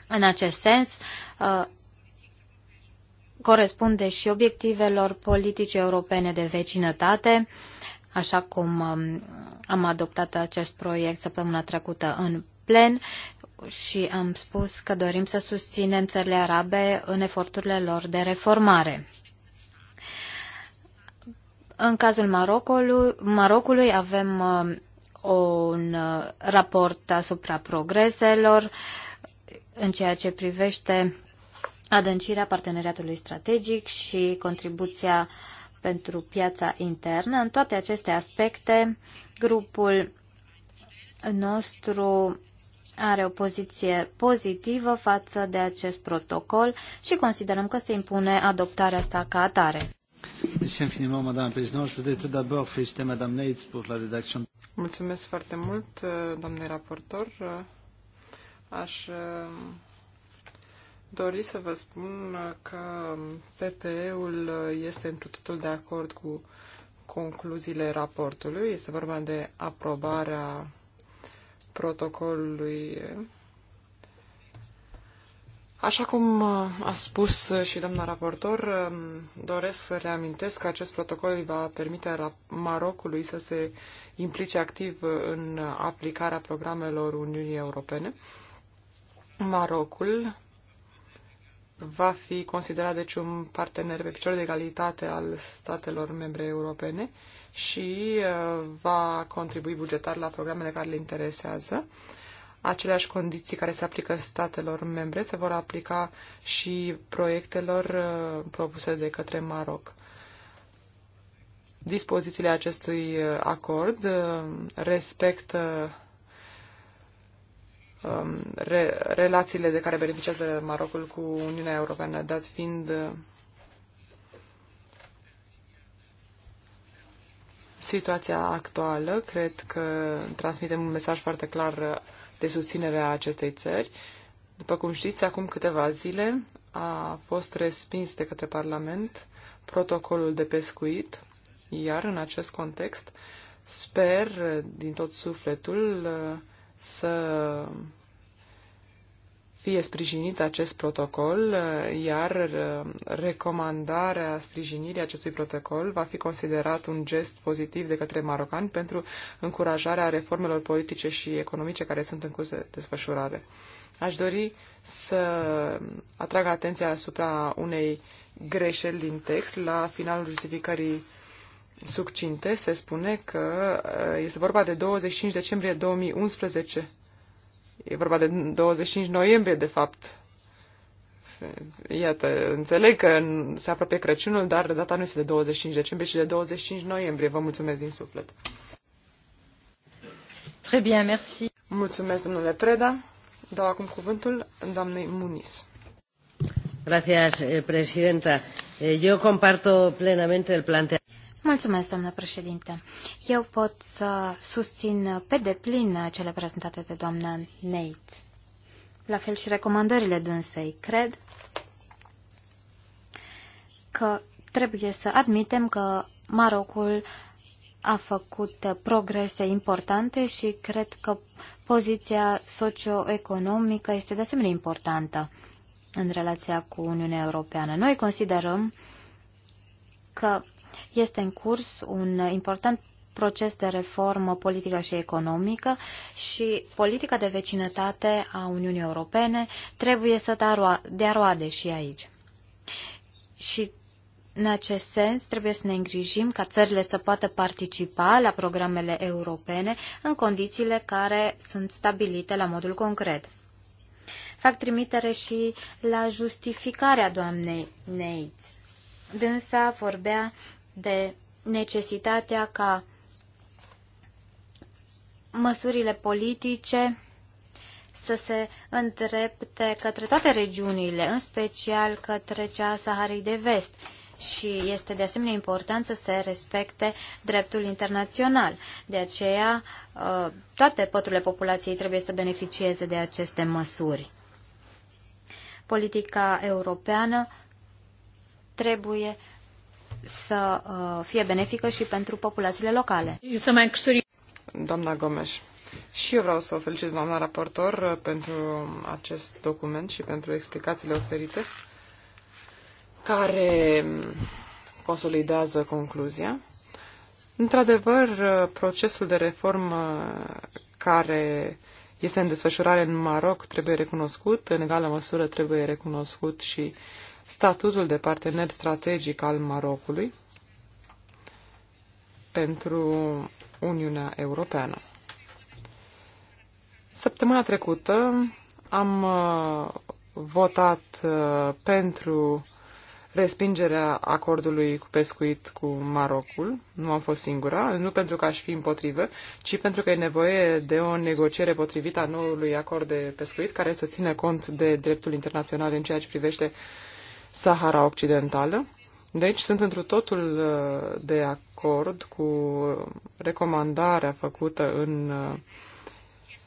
În acest sens, corespunde și obiectivelor politice europene de vecinătate, așa cum um, am adoptat acest proiect săptămâna trecută în plen și am spus că dorim să susținem țările arabe în eforturile lor de reformare. În cazul Marocului, Marocului avem um, un uh, raport asupra progreselor în ceea ce privește adâncirea parteneriatului strategic și contribuția pentru piața internă. În toate aceste aspecte, grupul nostru are o poziție pozitivă față de acest protocol și considerăm că se impune adoptarea sa ca atare. Mulțumesc foarte mult, doamne raportor. Aș dori să vă spun că PPE-ul este în totul de acord cu concluziile raportului. Este vorba de aprobarea protocolului. Așa cum a spus și doamna raportor, doresc să reamintesc că acest protocol va permite Marocului să se implice activ în aplicarea programelor Uniunii Europene. Marocul va fi considerat deci un partener pe picior de egalitate al statelor membre europene și uh, va contribui bugetar la programele care le interesează. Aceleași condiții care se aplică statelor membre se vor aplica și proiectelor uh, propuse de către Maroc. Dispozițiile acestui uh, acord respectă um, re, relațiile de care beneficiază Marocul cu Uniunea Europeană, dat fiind uh, situația actuală, cred că transmitem un mesaj foarte clar uh, de susținere a acestei țări. După cum știți, acum câteva zile a fost respins de către Parlament protocolul de pescuit, iar în acest context sper uh, din tot sufletul să fie sprijinit acest protocol, iar recomandarea sprijinirii acestui protocol va fi considerat un gest pozitiv de către marocani pentru încurajarea reformelor politice și economice care sunt în curs de desfășurare. Aș dori să atrag atenția asupra unei greșeli din text la finalul justificării succinte, se spune că uh, este vorba de 25 decembrie 2011. E vorba de 25 noiembrie, de fapt. Iată, înțeleg că se apropie Crăciunul, dar data nu este de 25 decembrie, ci de 25 noiembrie. Vă mulțumesc din suflet. Très bien, merci. Mulțumesc, domnule Preda. Dau acum cuvântul doamnei Muniz. Gracias, eh, presidenta. Eu eh, comparto plenamente el plantea Mulțumesc, doamnă președinte. Eu pot să susțin pe deplin cele prezentate de doamna Nate. La fel și recomandările dânsei. Cred că trebuie să admitem că Marocul a făcut progrese importante și cred că poziția socioeconomică este de asemenea importantă în relația cu Uniunea Europeană. Noi considerăm că este în curs un important proces de reformă politică și economică și politica de vecinătate a Uniunii Europene trebuie să dea roade și aici. Și în acest sens, trebuie să ne îngrijim ca țările să poată participa la programele europene în condițiile care sunt stabilite la modul concret. Fac trimitere și la justificarea doamnei Neitz. Dânsa vorbea de necesitatea ca măsurile politice să se îndrepte către toate regiunile, în special către cea Saharei de Vest. Și este de asemenea important să se respecte dreptul internațional. De aceea, uh, toate păturile populației trebuie să beneficieze de aceste măsuri. Politica europeană trebuie să uh, fie benefică și pentru populațiile locale. Doamna Gomes, și eu vreau să o felicit, doamna raportor, uh, pentru acest document și pentru explicațiile oferite, care um, consolidează concluzia. Într-adevăr, uh, procesul de reformă care este în desfășurare în Maroc trebuie recunoscut, în egală măsură trebuie recunoscut și uh, statutul de partener strategic al Marocului pentru Uniunea Europeană. Săptămâna trecută am uh, votat uh, pentru respingerea acordului cu pescuit cu Marocul. Nu am fost singura, nu pentru că aș fi împotrivă, ci pentru că e nevoie de o negociere potrivită a noului acord de pescuit care să țină cont de dreptul internațional în ceea ce privește uh, Sahara Occidentală. Deci sunt într totul uh, de acord cu recomandarea făcută în uh,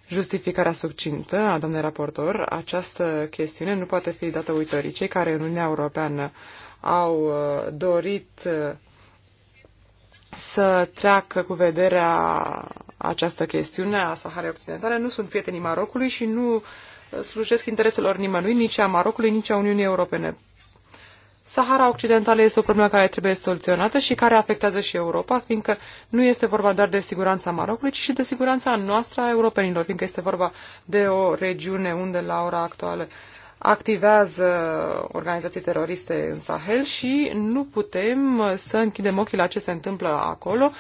justificarea succintă a domnului raportor. Această chestiune nu poate fi dată uitării. Cei care în Uniunea Europeană au uh, dorit să treacă cu vederea această chestiune a Saharei Occidentale nu sunt prietenii Marocului și nu slujesc intereselor nimănui, nici a Marocului, nici a Uniunii Europene. Sahara Occidentală este o problemă care trebuie soluționată și care afectează și Europa, fiindcă nu este vorba doar de siguranța Marocului, ci și de siguranța noastră a europenilor, fiindcă este vorba de o regiune unde la ora actuală activează organizații teroriste în Sahel și nu putem să închidem ochii la ce se întâmplă acolo,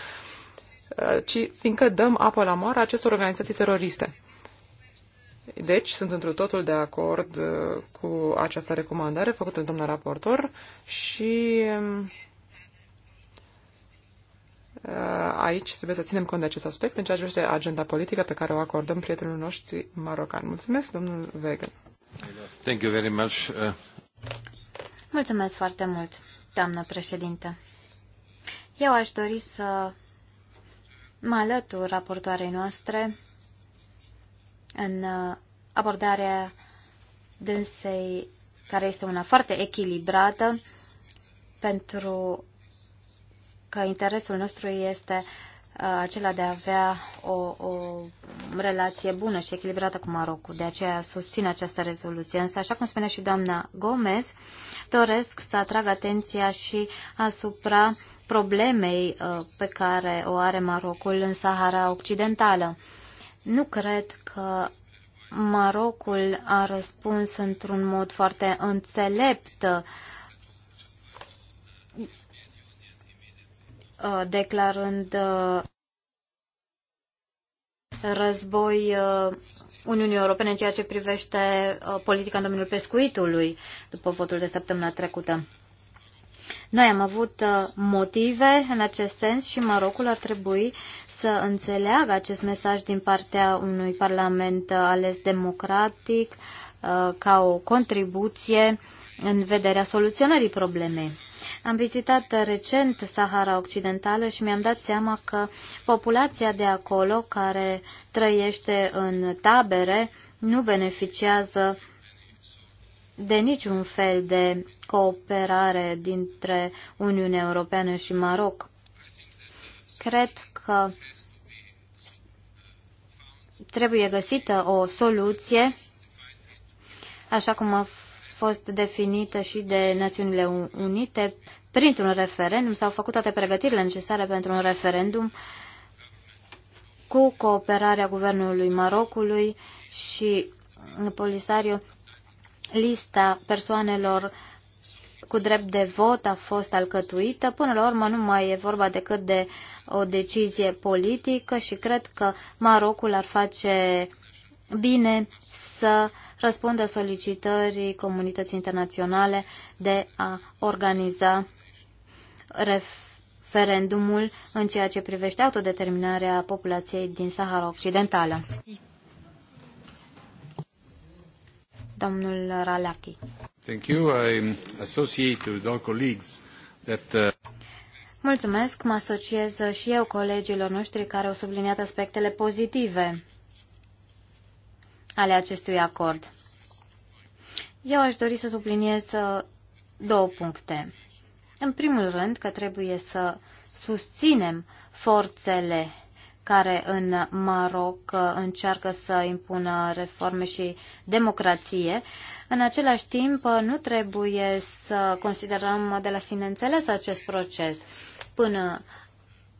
ci fiindcă dăm apă la moară acestor organizații teroriste. Deci, sunt într totul de acord uh, cu această recomandare făcută de doamna raportor și um, uh, aici trebuie să ținem cont de acest aspect în ceea ce agenda politică pe care o acordăm prietenilor noștri marocan. Mulțumesc, domnul Wegen. Thank you very much. Uh. Mulțumesc foarte mult, doamnă președinte. Eu aș dori să mă alătur raportoarei noastre în uh, abordarea dânsei, care este una foarte echilibrată, pentru că interesul nostru este uh, acela de a avea o, o relație bună și echilibrată cu Marocul. De aceea susțin această rezoluție. Însă, așa cum spunea și doamna Gomez, doresc să atrag atenția și asupra problemei uh, pe care o are Marocul în Sahara Occidentală. Nu cred că Marocul a răspuns într-un mod foarte înțelept uh, declarând uh, război uh, Uniunii Europene în ceea ce privește politica în domeniul pescuitului după votul de săptămâna trecută. Noi am avut uh, motive în acest sens și Marocul ar trebui să înțeleagă acest mesaj din partea unui parlament uh, ales democratic uh, ca o contribuție în vederea soluționării problemei. Am vizitat recent Sahara Occidentală și mi-am dat seama că populația de acolo care trăiește în tabere nu beneficiază de niciun fel de cooperare dintre Uniunea Europeană și Maroc. Cred că trebuie găsită o soluție, așa cum a fost definită și de Națiunile Unite, printr-un referendum, s-au făcut toate pregătirile necesare pentru un referendum cu cooperarea guvernului Marocului și Polisario lista persoanelor cu drept de vot a fost alcătuită. Până la urmă nu mai e vorba decât de o decizie politică și cred că Marocul ar face bine să răspundă solicitării comunității internaționale de a organiza referendumul în ceea ce privește autodeterminarea populației din Sahara Occidentală. domnul Thank you. I associate with all colleagues that uh... Mulțumesc, mă asociez și eu colegilor noștri care au subliniat aspectele pozitive ale acestui acord. Eu aș dori să subliniez uh, două puncte. În primul rând că trebuie să susținem forțele care în Maroc uh, încearcă să impună reforme și democrație. În același timp, uh, nu trebuie să considerăm de la sine înțeles acest proces. Până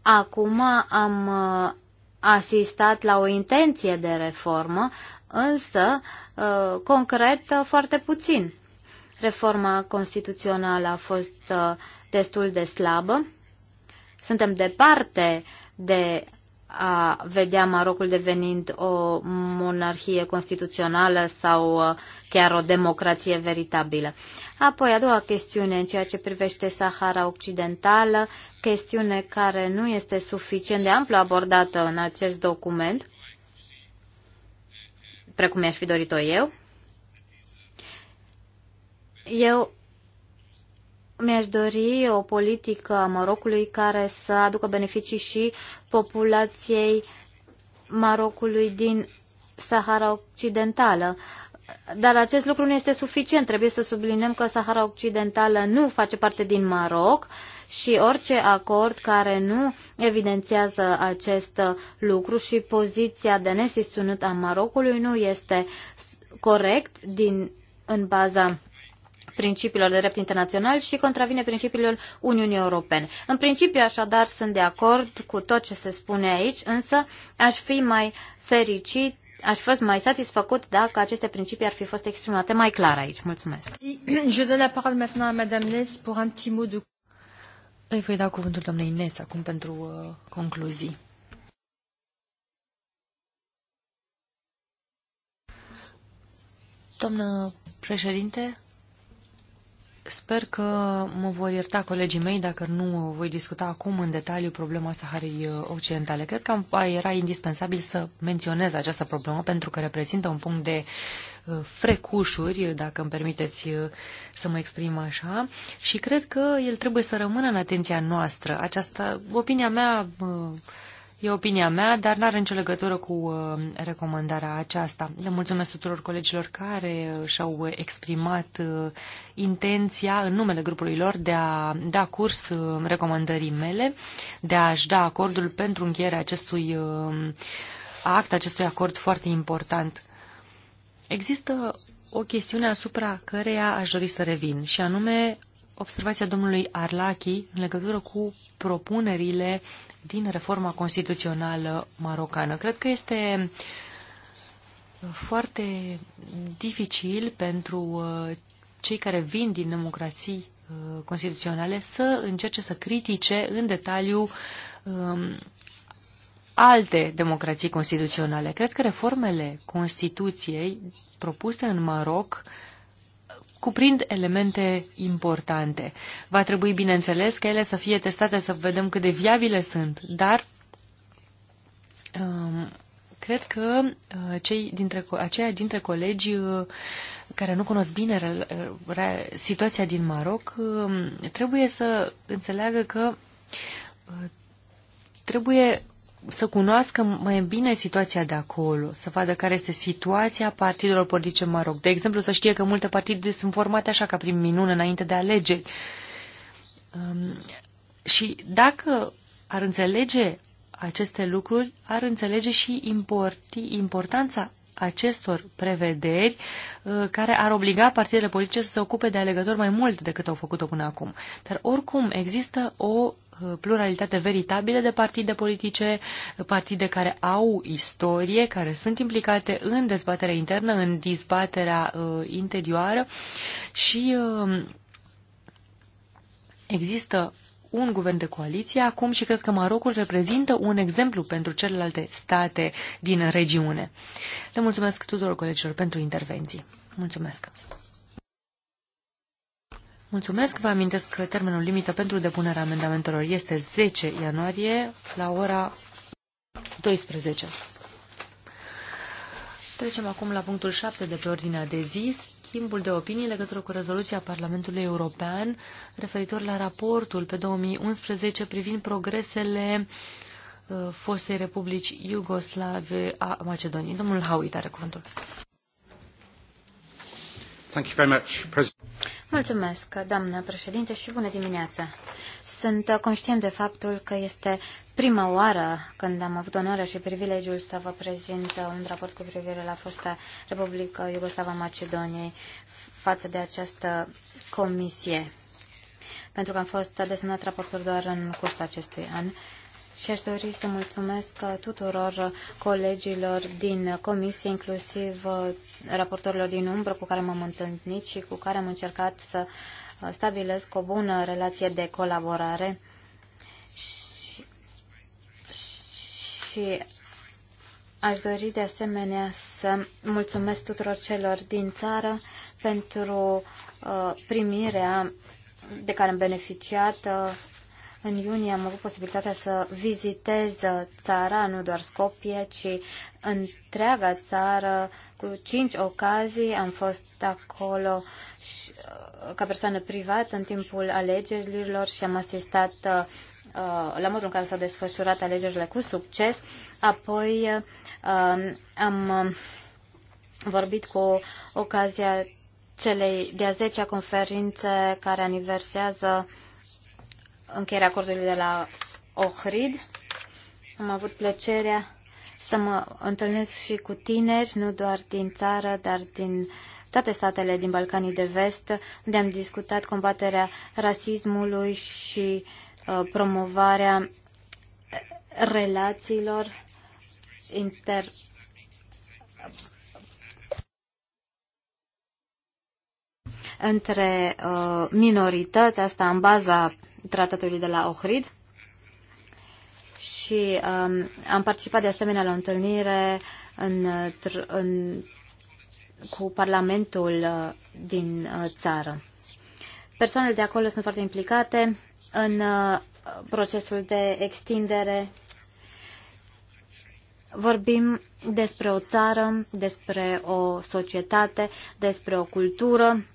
acum am uh, asistat la o intenție de reformă, însă, concret, foarte puțin. Reforma constituțională a fost destul de slabă. Suntem departe de a vedea Marocul devenind o monarhie constituțională sau uh, chiar o democrație veritabilă. Apoi, a doua chestiune în ceea ce privește Sahara Occidentală, chestiune care nu este suficient de amplu abordată în acest document, precum mi-aș fi dorit-o eu. Eu mi-aș dori o politică a Marocului care să aducă beneficii și populației Marocului din Sahara Occidentală. Dar acest lucru nu este suficient. Trebuie să subliniem că Sahara Occidentală nu face parte din Maroc și orice acord care nu evidențiază acest lucru și poziția de nesistunut a Marocului nu este corect din, în baza principiilor de drept internațional și contravine principiilor Uniunii Europene. În principiu, așadar, sunt de acord cu tot ce se spune aici, însă aș fi mai fericit Aș fi fost mai satisfăcut dacă aceste principii ar fi fost exprimate mai clar aici. Mulțumesc. Je donne la parole maintenant à Madame Nes pour un petit mot de... Îi voi da cuvântul doamnei Nes acum pentru uh, concluzii. Doamnă președinte, Sper că mă voi ierta colegii mei dacă nu voi discuta acum în detaliu problema Saharei uh, Occidentale. Cred că era indispensabil să menționez această problemă pentru că reprezintă un punct de uh, frecușuri, dacă îmi permiteți uh, să mă exprim așa, și cred că el trebuie să rămână în atenția noastră. Aceasta, opinia mea E opinia mea, dar n-are nicio legătură cu uh, recomandarea aceasta. Le mulțumesc tuturor colegilor care uh, și-au uh, exprimat intenția în numele grupului lor de a da curs recomandării mele, de a-și da acordul pentru încheierea acestui um, act, acestui acord foarte important. Există o chestiune asupra căreia aș dori să revin, și anume observația domnului Arlachi în legătură cu propunerile din reforma constituțională marocană. Cred că este uh, foarte dificil pentru uh, cei care vin din democrații uh, constituționale să încerce să critique în detaliu um, alte democrații constituționale. Cred că reformele Constituției propuse în Maroc cuprind elemente importante. Va trebui, bineînțeles, că ele să fie testate, să vedem cât de viabile sunt, dar um, cred că uh, cei dintre, aceia dintre colegi uh, care nu cunosc bine uh, situația din Maroc uh, trebuie să înțeleagă că uh, trebuie să cunoască mai bine situația de acolo, să vadă care este situația partidelor politice în Maroc. De exemplu, să știe că multe partide sunt formate așa ca prin minune înainte de alegeri. Um, și dacă ar înțelege aceste lucruri, ar înțelege și importi, importanța acestor prevederi uh, care ar obliga partidele politice să se ocupe de alegători mai mult decât au făcut-o până acum. Dar oricum există o Uh, pluralitate veritabilă de partide politice, partide care au istorie, care sunt implicate în dezbaterea internă, în dezbaterea uh, interioară și uh, există un guvern de coaliție acum și cred că Marocul reprezintă un exemplu pentru celelalte state din regiune. Le mulțumesc tuturor colegilor pentru intervenții. Mulțumesc! Mulțumesc. Vă amintesc că termenul limită pentru depunerea amendamentelor este 10 ianuarie la ora 12. Trecem acum la punctul 7 de pe ordinea de zi, schimbul de opinii legătură cu rezoluția Parlamentului European referitor la raportul pe 2011 privind progresele uh, fostei Republici Iugoslave a Macedoniei. Domnul Hauit are cuvântul. Thank you very much, Mulțumesc, doamnă președinte, și bună dimineața. Sunt conștient de faptul că este prima oară când am avut onoarea și privilegiul să vă prezint un raport cu privire la fosta Republică Iugoslava Macedoniei față de această comisie, pentru că am fost desemnat raportor doar în cursul acestui an. Uh, și aș dori să mulțumesc tuturor colegilor din comisie, inclusiv uh, raportorilor din umbră cu care m-am întâlnit și cu care am încercat să uh, stabilesc o bună relație de colaborare și, și Aș dori de asemenea să mulțumesc tuturor celor din țară pentru uh, primirea de care am beneficiat uh, în iunie am avut posibilitatea să vizitez țara, nu doar Scopie, ci întreaga țară. Cu cinci ocazii am fost acolo și, uh, ca persoană privată în timpul alegerilor și am asistat uh, uh, la modul în care s-au desfășurat alegerile cu succes. Apoi uh, am uh, vorbit cu ocazia celei de-a 10-a conferințe care aniversează uh, încheierea acordului de la Ohrid. Am avut plăcerea să mă întâlnesc și cu tineri, nu doar din țară, dar din toate statele din Balcanii de Vest, unde am discutat combaterea rasismului și uh, promovarea relațiilor inter între uh, minorități, asta în baza tratatului de la Ohrid și um, am participat de asemenea la o întâlnire în, în, cu Parlamentul uh, din uh, țară. Persoanele de acolo sunt foarte implicate în uh, procesul de extindere. Vorbim despre o țară, despre o societate, despre o cultură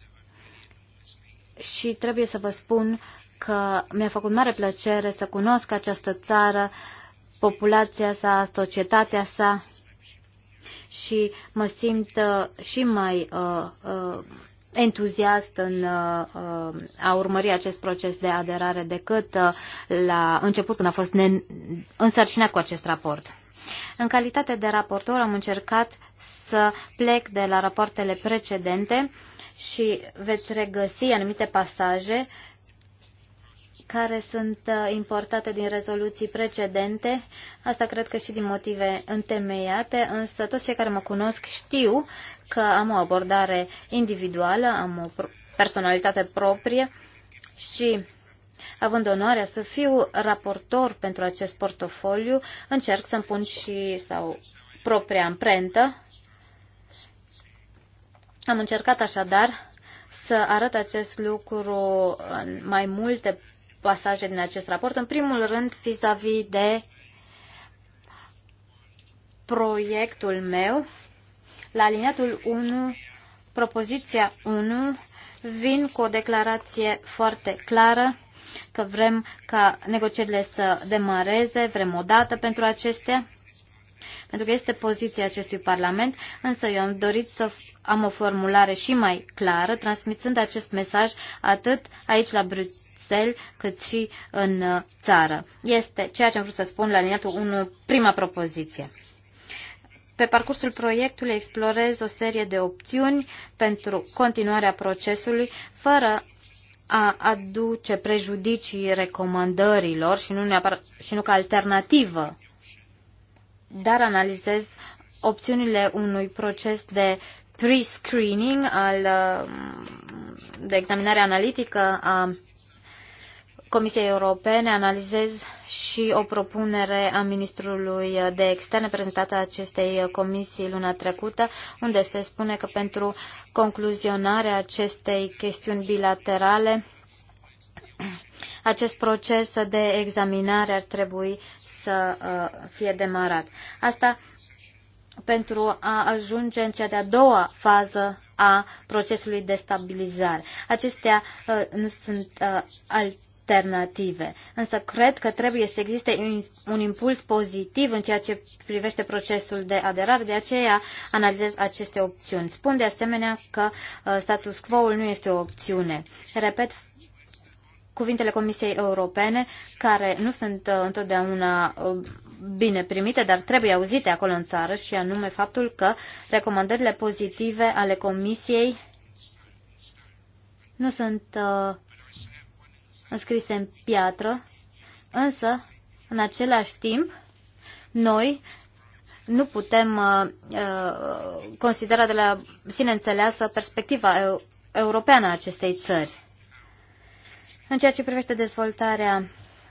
și trebuie să vă spun că mi-a făcut mare plăcere să cunosc această țară, populația sa, societatea sa și mă simt uh, și mai uh, uh, entuziast în uh, uh, a urmări acest proces de aderare decât uh, la început când a fost însărcinat cu acest raport. În calitate de raportor am încercat să plec de la rapoartele precedente și veți regăsi anumite pasaje care sunt uh, importate din rezoluții precedente. Asta cred că și din motive întemeiate, însă toți cei care mă cunosc știu că am o abordare individuală, am o personalitate proprie și Având onoarea să fiu raportor pentru acest portofoliu, încerc să-mi pun și sau propria amprentă. Am încercat așadar să arăt acest lucru în mai multe pasaje din acest raport. În primul rând, vis-a-vis -vis de proiectul meu, la aliniatul 1, propoziția 1, vin cu o declarație foarte clară că vrem ca negocierile să demareze, vrem o dată pentru acestea pentru că este poziția acestui Parlament, însă eu am dorit să am o formulare și mai clară, transmițând acest mesaj atât aici la Bruxelles, cât și în uh, țară. Este ceea ce am vrut să spun la liniatul 1, prima propoziție. Pe parcursul proiectului explorez o serie de opțiuni pentru continuarea procesului, fără a aduce prejudicii recomandărilor și nu, neapărat, și nu ca alternativă dar analizez opțiunile unui proces de pre-screening, al, de examinare analitică a Comisiei Europene, analizez și o propunere a Ministrului de Externe prezentată acestei comisii luna trecută, unde se spune că pentru concluzionarea acestei chestiuni bilaterale, acest proces de examinare ar trebui să uh, fie demarat. Asta pentru a ajunge în cea de-a doua fază a procesului de stabilizare. Acestea uh, nu sunt uh, alternative, însă cred că trebuie să existe un, un impuls pozitiv în ceea ce privește procesul de aderare, de aceea analizez aceste opțiuni. Spun de asemenea că status quo-ul nu este o opțiune. Repet cuvintele Comisiei Europene, care nu sunt uh, întotdeauna uh, bine primite, dar trebuie auzite acolo în țară, și anume faptul că recomandările pozitive ale Comisiei nu sunt uh, înscrise în piatră, însă, în același timp, noi nu putem uh, considera de la sine înțeleasă perspectiva eu, europeană a acestei țări. În ceea ce privește dezvoltarea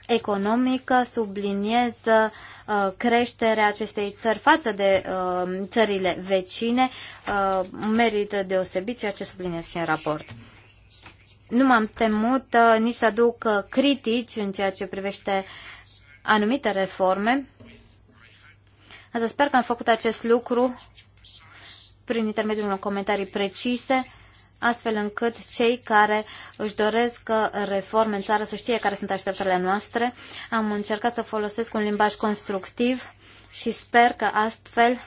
economică, subliniez uh, creșterea acestei țări față de uh, țările vecine, uh, merită deosebit, ceea ce subliniez și în raport. Nu m-am temut nici să aduc critici în ceea ce privește anumite reforme. Asta sper că am făcut acest lucru prin intermediul unor comentarii precise astfel încât cei care își doresc uh, reforme în țară să știe care sunt așteptările noastre. Am încercat să folosesc un limbaj constructiv și sper că astfel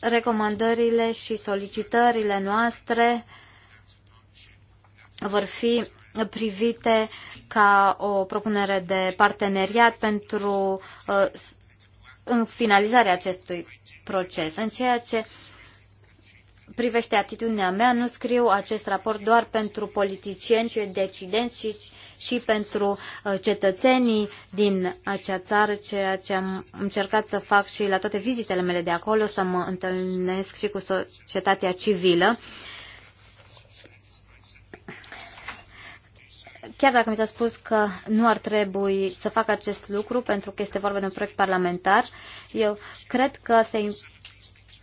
recomandările și solicitările noastre vor fi privite ca o propunere de parteneriat pentru uh, în finalizarea acestui proces. În ceea ce privește atitudinea mea, nu scriu acest raport doar pentru politicieni și decidenți, ci și pentru uh, cetățenii din acea țară, ceea ce am încercat să fac și la toate vizitele mele de acolo, să mă întâlnesc și cu societatea civilă. Chiar dacă mi s-a spus că nu ar trebui să fac acest lucru, pentru că este vorba de un proiect parlamentar, eu cred că se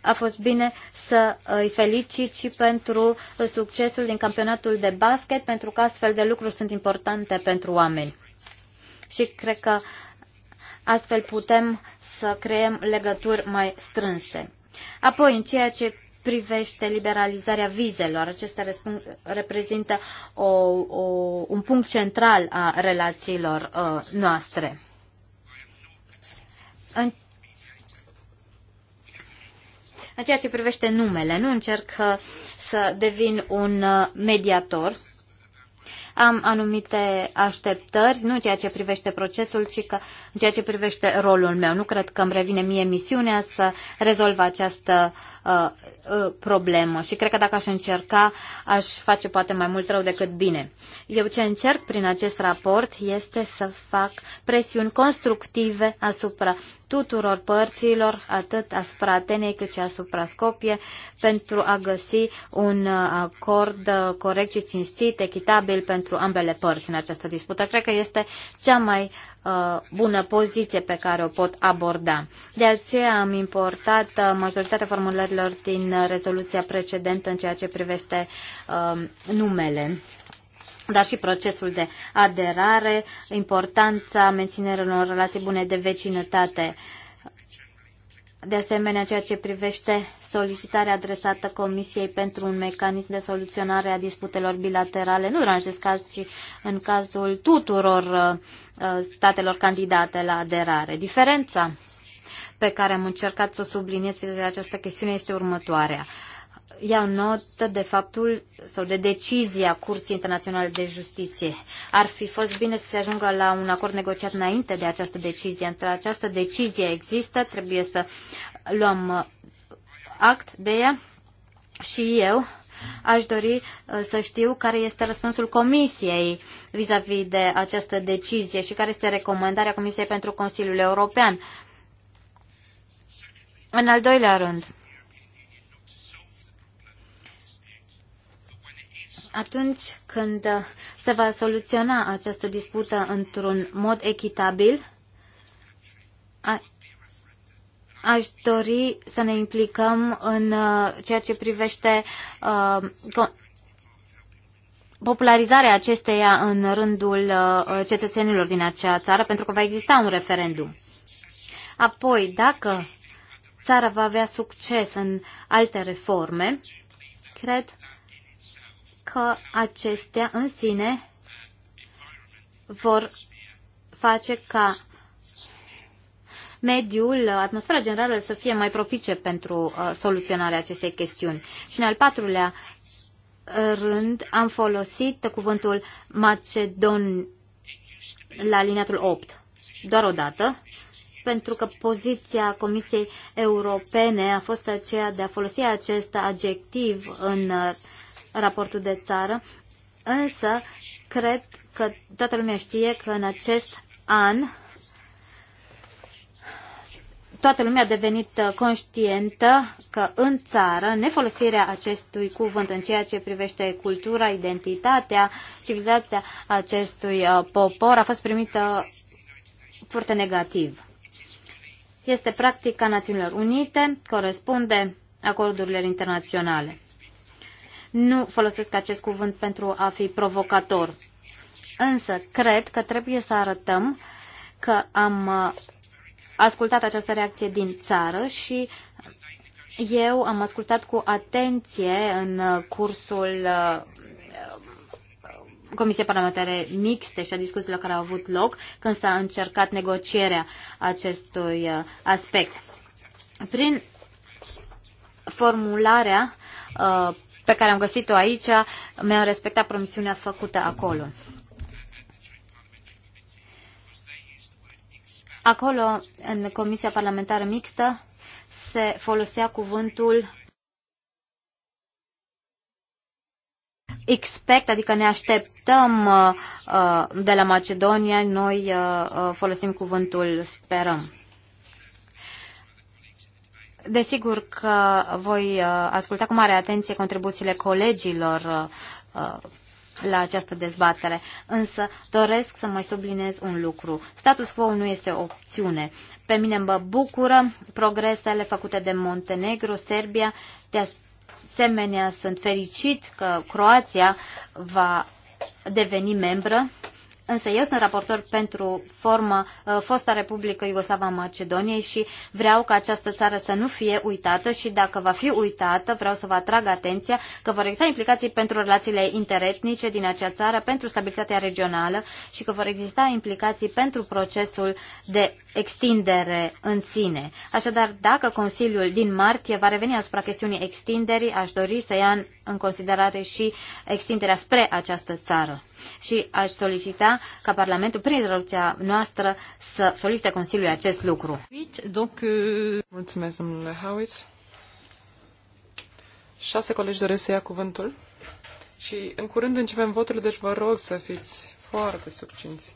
a fost bine să îi felicit și pentru succesul din campionatul de basket, pentru că astfel de lucruri sunt importante pentru oameni. Și cred că astfel putem să creăm legături mai strânse. Apoi, în ceea ce privește liberalizarea vizelor. Acesta reprezintă o, o, un punct central a relațiilor uh, noastre. În în ceea ce privește numele, nu încerc uh, să devin un uh, mediator. Am anumite așteptări, nu în ceea ce privește procesul, ci că în ceea ce privește rolul meu. Nu cred că îmi revine mie misiunea să rezolv această Uh, uh, problemă și cred că dacă aș încerca, aș face poate mai mult rău decât bine. Eu ce încerc prin acest raport este să fac presiuni constructive asupra tuturor părților, atât asupra Atenei cât și asupra Scopie, pentru a găsi un uh, acord corect și cinstit, echitabil pentru ambele părți în această dispută. Cred că este cea mai uh, Uh, bună poziție pe care o pot aborda. De aceea am importat uh, majoritatea formulărilor din uh, rezoluția precedentă în ceea ce privește uh, numele dar și procesul de aderare, importanța menținerii unor relații bune de vecinătate uh, de asemenea, ceea ce privește solicitarea adresată Comisiei pentru un mecanism de soluționare a disputelor bilaterale, nu doar în acest caz, ci în cazul tuturor uh, uh, statelor candidate la aderare. Diferența pe care am încercat să o subliniez vis de această chestiune este următoarea. Uh, ia notă de faptul sau de decizia Curții Internaționale de Justiție. Ar fi fost bine să se ajungă la un acord negociat înainte de această decizie. Între această decizie există, trebuie să luăm uh, act de ea și eu aș dori uh, să știu care este răspunsul Comisiei vis-a-vis -vis de această decizie și care este recomandarea Comisiei pentru Consiliul European. În al doilea rând, atunci când uh, se va soluționa această dispută într-un mod echitabil, a, aș dori să ne implicăm în uh, ceea ce privește uh, popularizarea acesteia în rândul uh, cetățenilor din acea țară, pentru că va exista un referendum. Apoi, dacă țara va avea succes în alte reforme, cred că acestea în sine vor face ca mediul, atmosfera generală să fie mai propice pentru uh, soluționarea acestei chestiuni. Și în al patrulea uh, rând am folosit cuvântul Macedon la liniatul 8, doar o dată, pentru că poziția Comisiei Europene a fost aceea de a folosi acest adjectiv în uh, raportul de țară, însă cred că toată lumea știe că în acest an toată lumea a devenit conștientă că în țară nefolosirea acestui cuvânt în ceea ce privește cultura, identitatea, civilizația acestui uh, popor a fost primită foarte negativ. Este practica Națiunilor Unite, corespunde acordurilor internaționale. Nu folosesc acest cuvânt pentru a fi provocator. Însă, cred că trebuie să arătăm că am uh, ascultat această reacție din țară și eu am ascultat cu atenție în uh, cursul uh, Comisiei Parlamentare Mixte și a discuțiilor care au avut loc când s-a încercat negocierea acestui aspect. Prin formularea pe care am găsit-o aici, mi-am respectat promisiunea făcută acolo. Acolo, în Comisia Parlamentară Mixtă, se folosea cuvântul expect, adică ne așteptăm uh, uh, de la Macedonia, noi uh, folosim cuvântul sperăm. Desigur că voi uh, asculta cu mare atenție contribuțiile colegilor uh, uh, la această dezbatere, însă doresc să mai subliniez un lucru. Status quo nu este o opțiune. Pe mine mă bucură progresele făcute de Montenegro, Serbia, de asemenea sunt fericit că Croația va deveni membră Însă eu sunt raportor pentru formă uh, fosta Republică Iugoslava Macedoniei și vreau ca această țară să nu fie uitată și dacă va fi uitată, vreau să vă atrag atenția că vor exista implicații pentru relațiile interetnice din acea țară, pentru stabilitatea regională și că vor exista implicații pentru procesul de extindere în sine. Așadar, dacă Consiliul din martie va reveni asupra chestiunii extinderii, aș dori să ia în considerare și extinderea spre această țară și aș solicita ca Parlamentul, prin rezoluția noastră, să solicite Consiliului acest lucru. Euh, Mulțumesc, domnule Howitt. Șase colegi doresc să ia cuvântul și în curând începem votul, deci vă rog să fiți foarte succinți.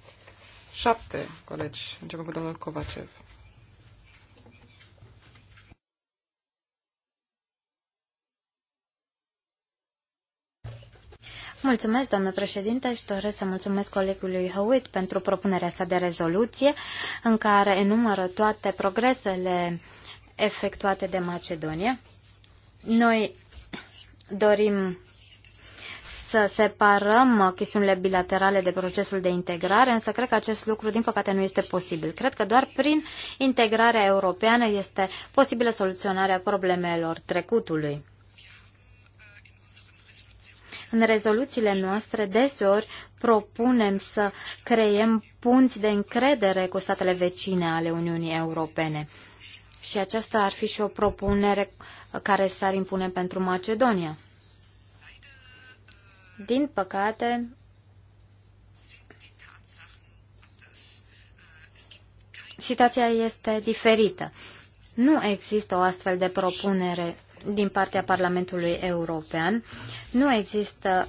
Șapte colegi, începem cu domnul Covacev. Mulțumesc, domnule președinte, și doresc să mulțumesc colegului Howitt pentru propunerea sa de rezoluție, în care enumără toate progresele efectuate de Macedonia. Noi dorim să separăm chestiunile bilaterale de procesul de integrare, însă cred că acest lucru, din păcate, nu este posibil. Cred că doar prin integrarea europeană este posibilă soluționarea problemelor trecutului. În rezoluțiile noastre deseori propunem să creăm punți de încredere cu statele vecine ale Uniunii Europene. Și aceasta ar fi și o propunere care s-ar impune pentru Macedonia. Din păcate, situația este diferită. Nu există o astfel de propunere din partea Parlamentului European nu există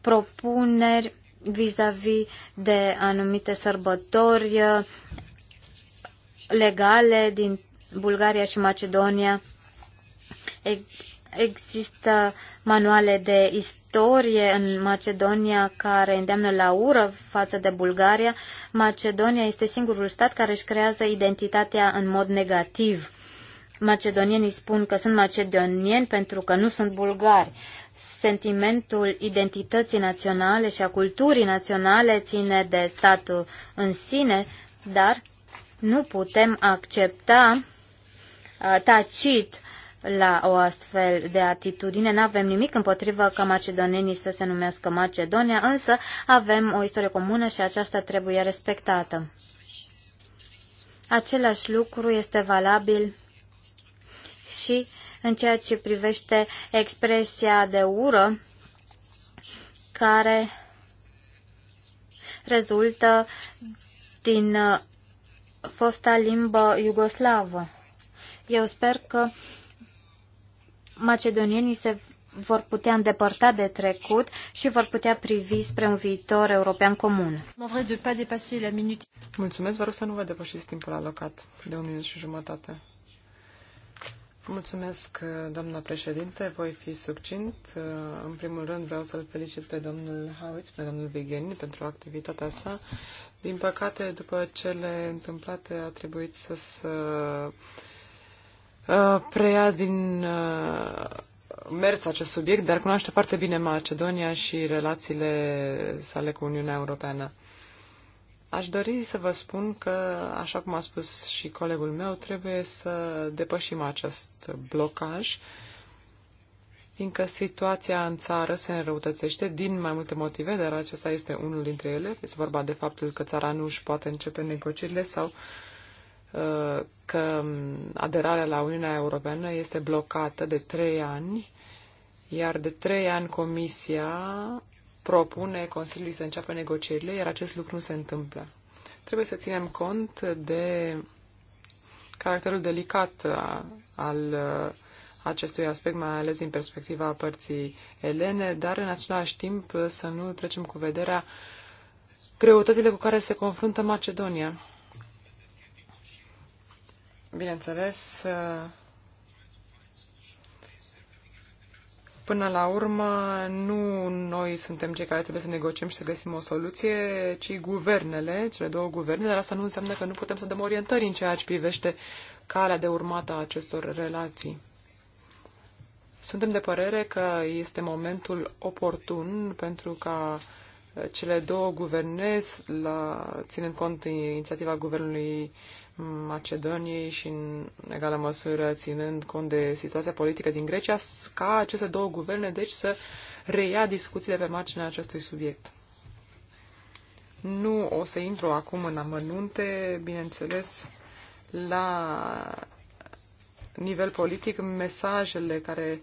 propuneri vis-a-vis -vis de anumite sărbători uh, legale din Bulgaria și Macedonia. Există manuale de istorie în Macedonia care îndeamnă la ură față de Bulgaria. Macedonia este singurul stat care își creează identitatea în mod negativ macedonienii spun că sunt macedonieni pentru că nu sunt bulgari. Sentimentul identității naționale și a culturii naționale ține de statul în sine, dar nu putem accepta tacit la o astfel de atitudine. Nu avem nimic împotrivă ca macedonienii să se numească Macedonia, însă avem o istorie comună și aceasta trebuie respectată. Același lucru este valabil și în ceea ce privește expresia de ură care rezultă din uh, fosta limbă iugoslavă. Eu sper că macedonienii se vor putea îndepărta de trecut și vor putea privi spre un viitor european comun. Mulțumesc, vă rog să nu vă depășiți timpul alocat de un minut și jumătate. Mulțumesc, doamna președinte. Voi fi succint. În primul rând vreau să-l felicit pe domnul Hawitz, pe domnul Vigeni, pentru activitatea sa. Din păcate, după cele întâmplate, a trebuit să, se uh, preia din uh, mers acest subiect, dar cunoaște foarte bine Macedonia și relațiile sale cu Uniunea Europeană. Aș dori să vă spun că, așa cum a spus și colegul meu, trebuie să depășim acest blocaj, fiindcă situația în țară se înrăutățește din mai multe motive, dar acesta este unul dintre ele. Este vorba de faptul că țara nu își poate începe negocierile sau uh, că aderarea la Uniunea Europeană este blocată de trei ani, iar de trei ani Comisia propune Consiliului să înceapă negocierile, iar acest lucru nu se întâmplă. Trebuie să ținem cont de caracterul delicat uh, al uh, acestui aspect, mai ales din perspectiva părții elene, dar în același timp să nu trecem cu vederea greutățile cu care se confruntă Macedonia. Bineînțeles, uh, Până la urmă, nu noi suntem cei care trebuie să negociem și să găsim o soluție, ci guvernele, cele două guverne, dar asta nu înseamnă că nu putem să dăm orientări în ceea ce privește calea de urmată a acestor relații. Suntem de părere că este momentul oportun pentru ca cele două guverne, la, ținând cont inițiativa guvernului uh, Macedoniei și în egală măsură ținând cont de situația politică din Grecia, ca aceste două guverne, deci, să reia discuțiile pe marginea acestui subiect. Nu o să intru acum în amănunte, bineînțeles, la nivel politic, mesajele care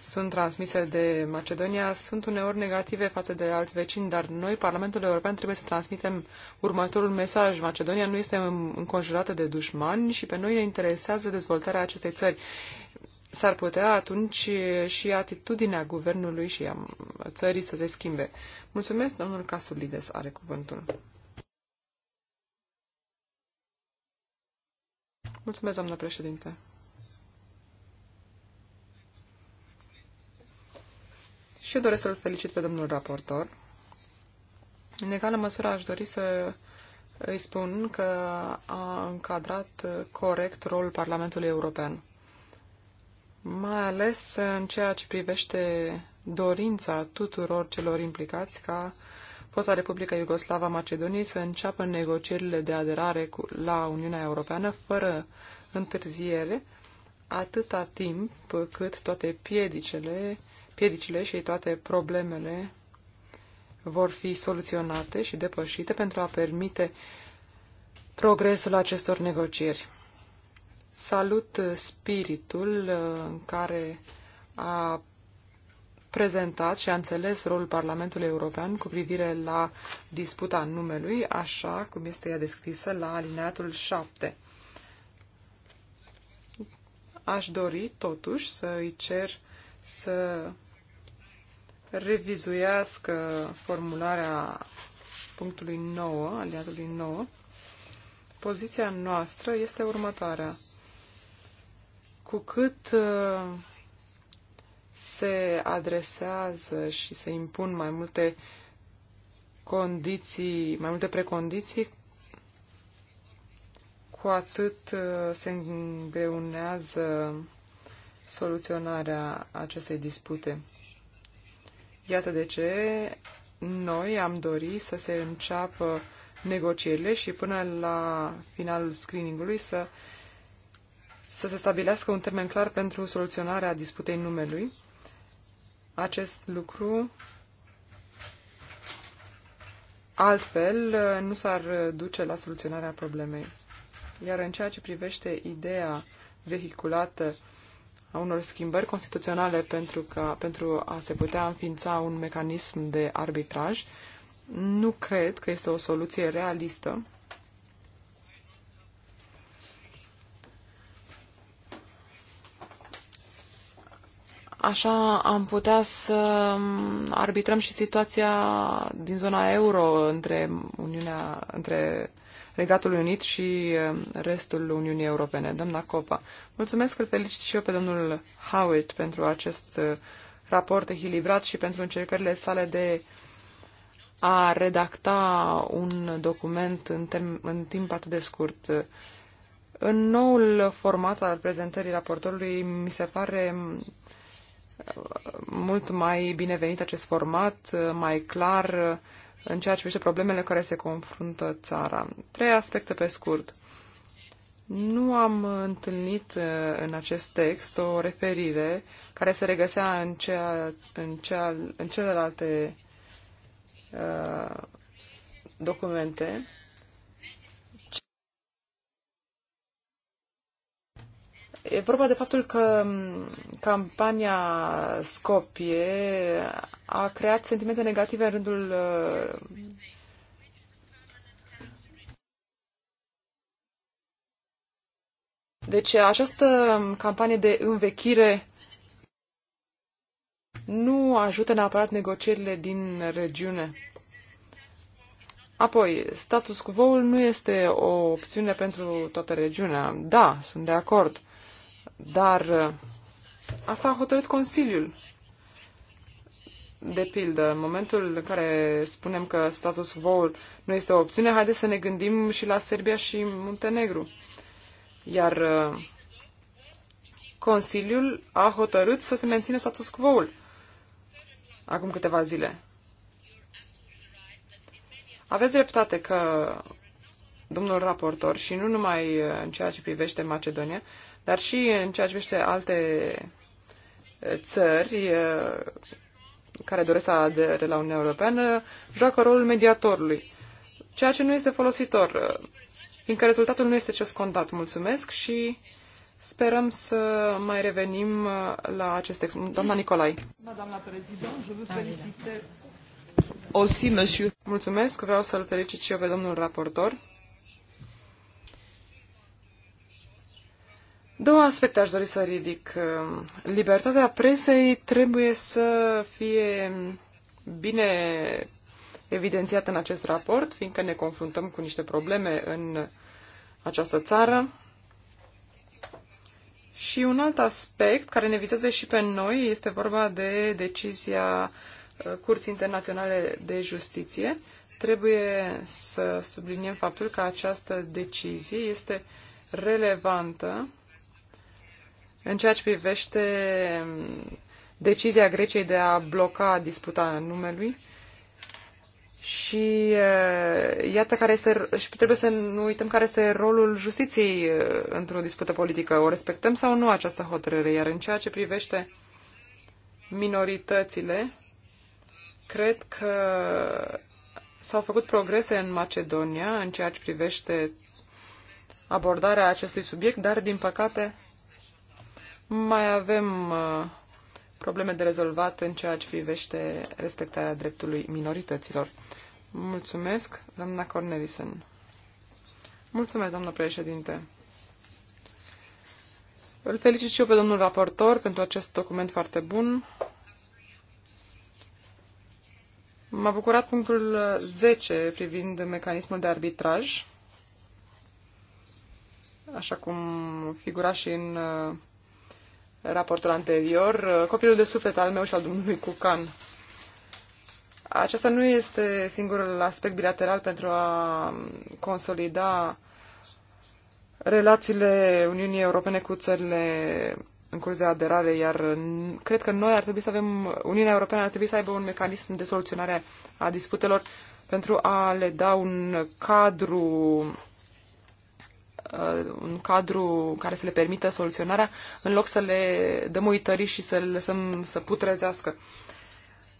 sunt transmise de Macedonia sunt uneori negative față de alți vecini, dar noi, Parlamentul European, trebuie să transmitem următorul mesaj. Macedonia nu este înconjurată de dușmani și pe noi ne interesează dezvoltarea acestei țări. S-ar putea atunci și atitudinea guvernului și a țării să se schimbe. Mulțumesc, domnul Casulides are cuvântul. Mulțumesc, doamnă președinte. Și eu doresc să-l felicit pe domnul raportor. În egală măsură aș dori să îi spun că a încadrat corect rolul Parlamentului European, mai ales în ceea ce privește dorința tuturor celor implicați ca fosta Republica Iugoslava Macedoniei să înceapă negocierile de aderare cu, la Uniunea Europeană fără întârziere, atâta timp cât toate piedicele piedicile și toate problemele vor fi soluționate și depășite pentru a permite progresul acestor negocieri. Salut spiritul uh, în care a prezentat și a înțeles rolul Parlamentului European cu privire la disputa numelui, așa cum este ea descrisă la alineatul 7. Aș dori, totuși, să îi cer să revizuiască formularea punctului 9, aliatului 9, poziția noastră este următoarea. Cu cât uh, se adresează și se impun mai multe condiții, mai multe precondiții, cu atât uh, se îngreunează soluționarea acestei dispute. Iată de ce noi am dorit să se înceapă negocierile și până la finalul screeningului să, să se stabilească un termen clar pentru soluționarea disputei numelui. Acest lucru altfel nu s-ar duce la soluționarea problemei. Iar în ceea ce privește ideea vehiculată a unor schimbări constituționale pentru, că pentru a se putea înființa un mecanism de arbitraj, nu cred că este o soluție realistă. Așa am putea să arbitrăm și situația din zona euro între Uniunea, între Regatul Unit și eh, restul Uniunii Europene. Doamna Copa, mulțumesc că îl felicit și eu pe domnul Howitt pentru acest eh, raport echilibrat și pentru încercările sale de a redacta un document în, în timp atât de scurt. În noul format al prezentării raportorului, mi se pare mm, mult mai binevenit acest format, eh, mai clar, în ceea ce privește problemele care se confruntă țara. Trei aspecte pe scurt. Nu am întâlnit uh, în acest text o referire care se regăsea în, cea, în, cea, în celelalte uh, documente E vorba de faptul că campania Scopie a creat sentimente negative în rândul uh, Deci această campanie de învechire nu ajută neapărat negocierile din regiune. Apoi, status quo-ul nu este o opțiune pentru toată regiunea. Da, sunt de acord. Dar uh, asta a hotărât Consiliul. De pildă, în momentul în care spunem că status quo nu este o opțiune, haideți să ne gândim și la Serbia și Muntenegru. Iar uh, Consiliul a hotărât să se menține status quo-ul acum câteva zile. Aveți dreptate că domnul raportor, și nu numai uh, în ceea ce privește Macedonia, dar și în ceea ce vește alte țări care doresc să adere la Uniunea Europeană, joacă rolul mediatorului, ceea ce nu este folositor, fiindcă rezultatul nu este ce scontat. Mulțumesc și Sperăm să mai revenim la acest text. Doamna Nicolai. Doamna președinte, je da, aussi monsieur. Mulțumesc, vreau să-l felicit și eu pe domnul raportor. Două aspecte aș dori să ridic. Ehm, libertatea presei trebuie să fie bine evidențiată în acest raport, fiindcă ne confruntăm cu niște probleme în această țară. Și un alt aspect care ne vizează și pe noi este vorba de decizia ehm, Curții Internaționale de Justiție. Trebuie să subliniem faptul că această decizie este relevantă în ceea ce privește decizia Greciei de a bloca disputa numelui, și uh, iată care este, și trebuie să nu uităm care este rolul justiției uh, într-o dispută politică. O respectăm sau nu această hotărâre? Iar în ceea ce privește minoritățile, cred că s-au făcut progrese în Macedonia în ceea ce privește abordarea acestui subiect, dar din păcate mai avem uh, probleme de rezolvat în ceea ce privește respectarea dreptului minorităților. Mulțumesc, doamna Cornelisen. Mulțumesc, doamnă președinte. Îl felicit și eu pe domnul raportor pentru acest document foarte bun. M-a bucurat punctul 10 privind mecanismul de arbitraj, așa cum figura și în uh, raportul anterior, copilul de suflet al meu și al domnului Cucan. Aceasta nu este singurul aspect bilateral pentru a consolida relațiile Uniunii Europene cu țările în curs de aderare, iar cred că noi ar trebui să avem, Uniunea Europeană ar trebui să aibă un mecanism de soluționare a disputelor pentru a le da un cadru Uh, un cadru care să le permită soluționarea, în loc să le dăm uitări și să le lăsăm să putrezească.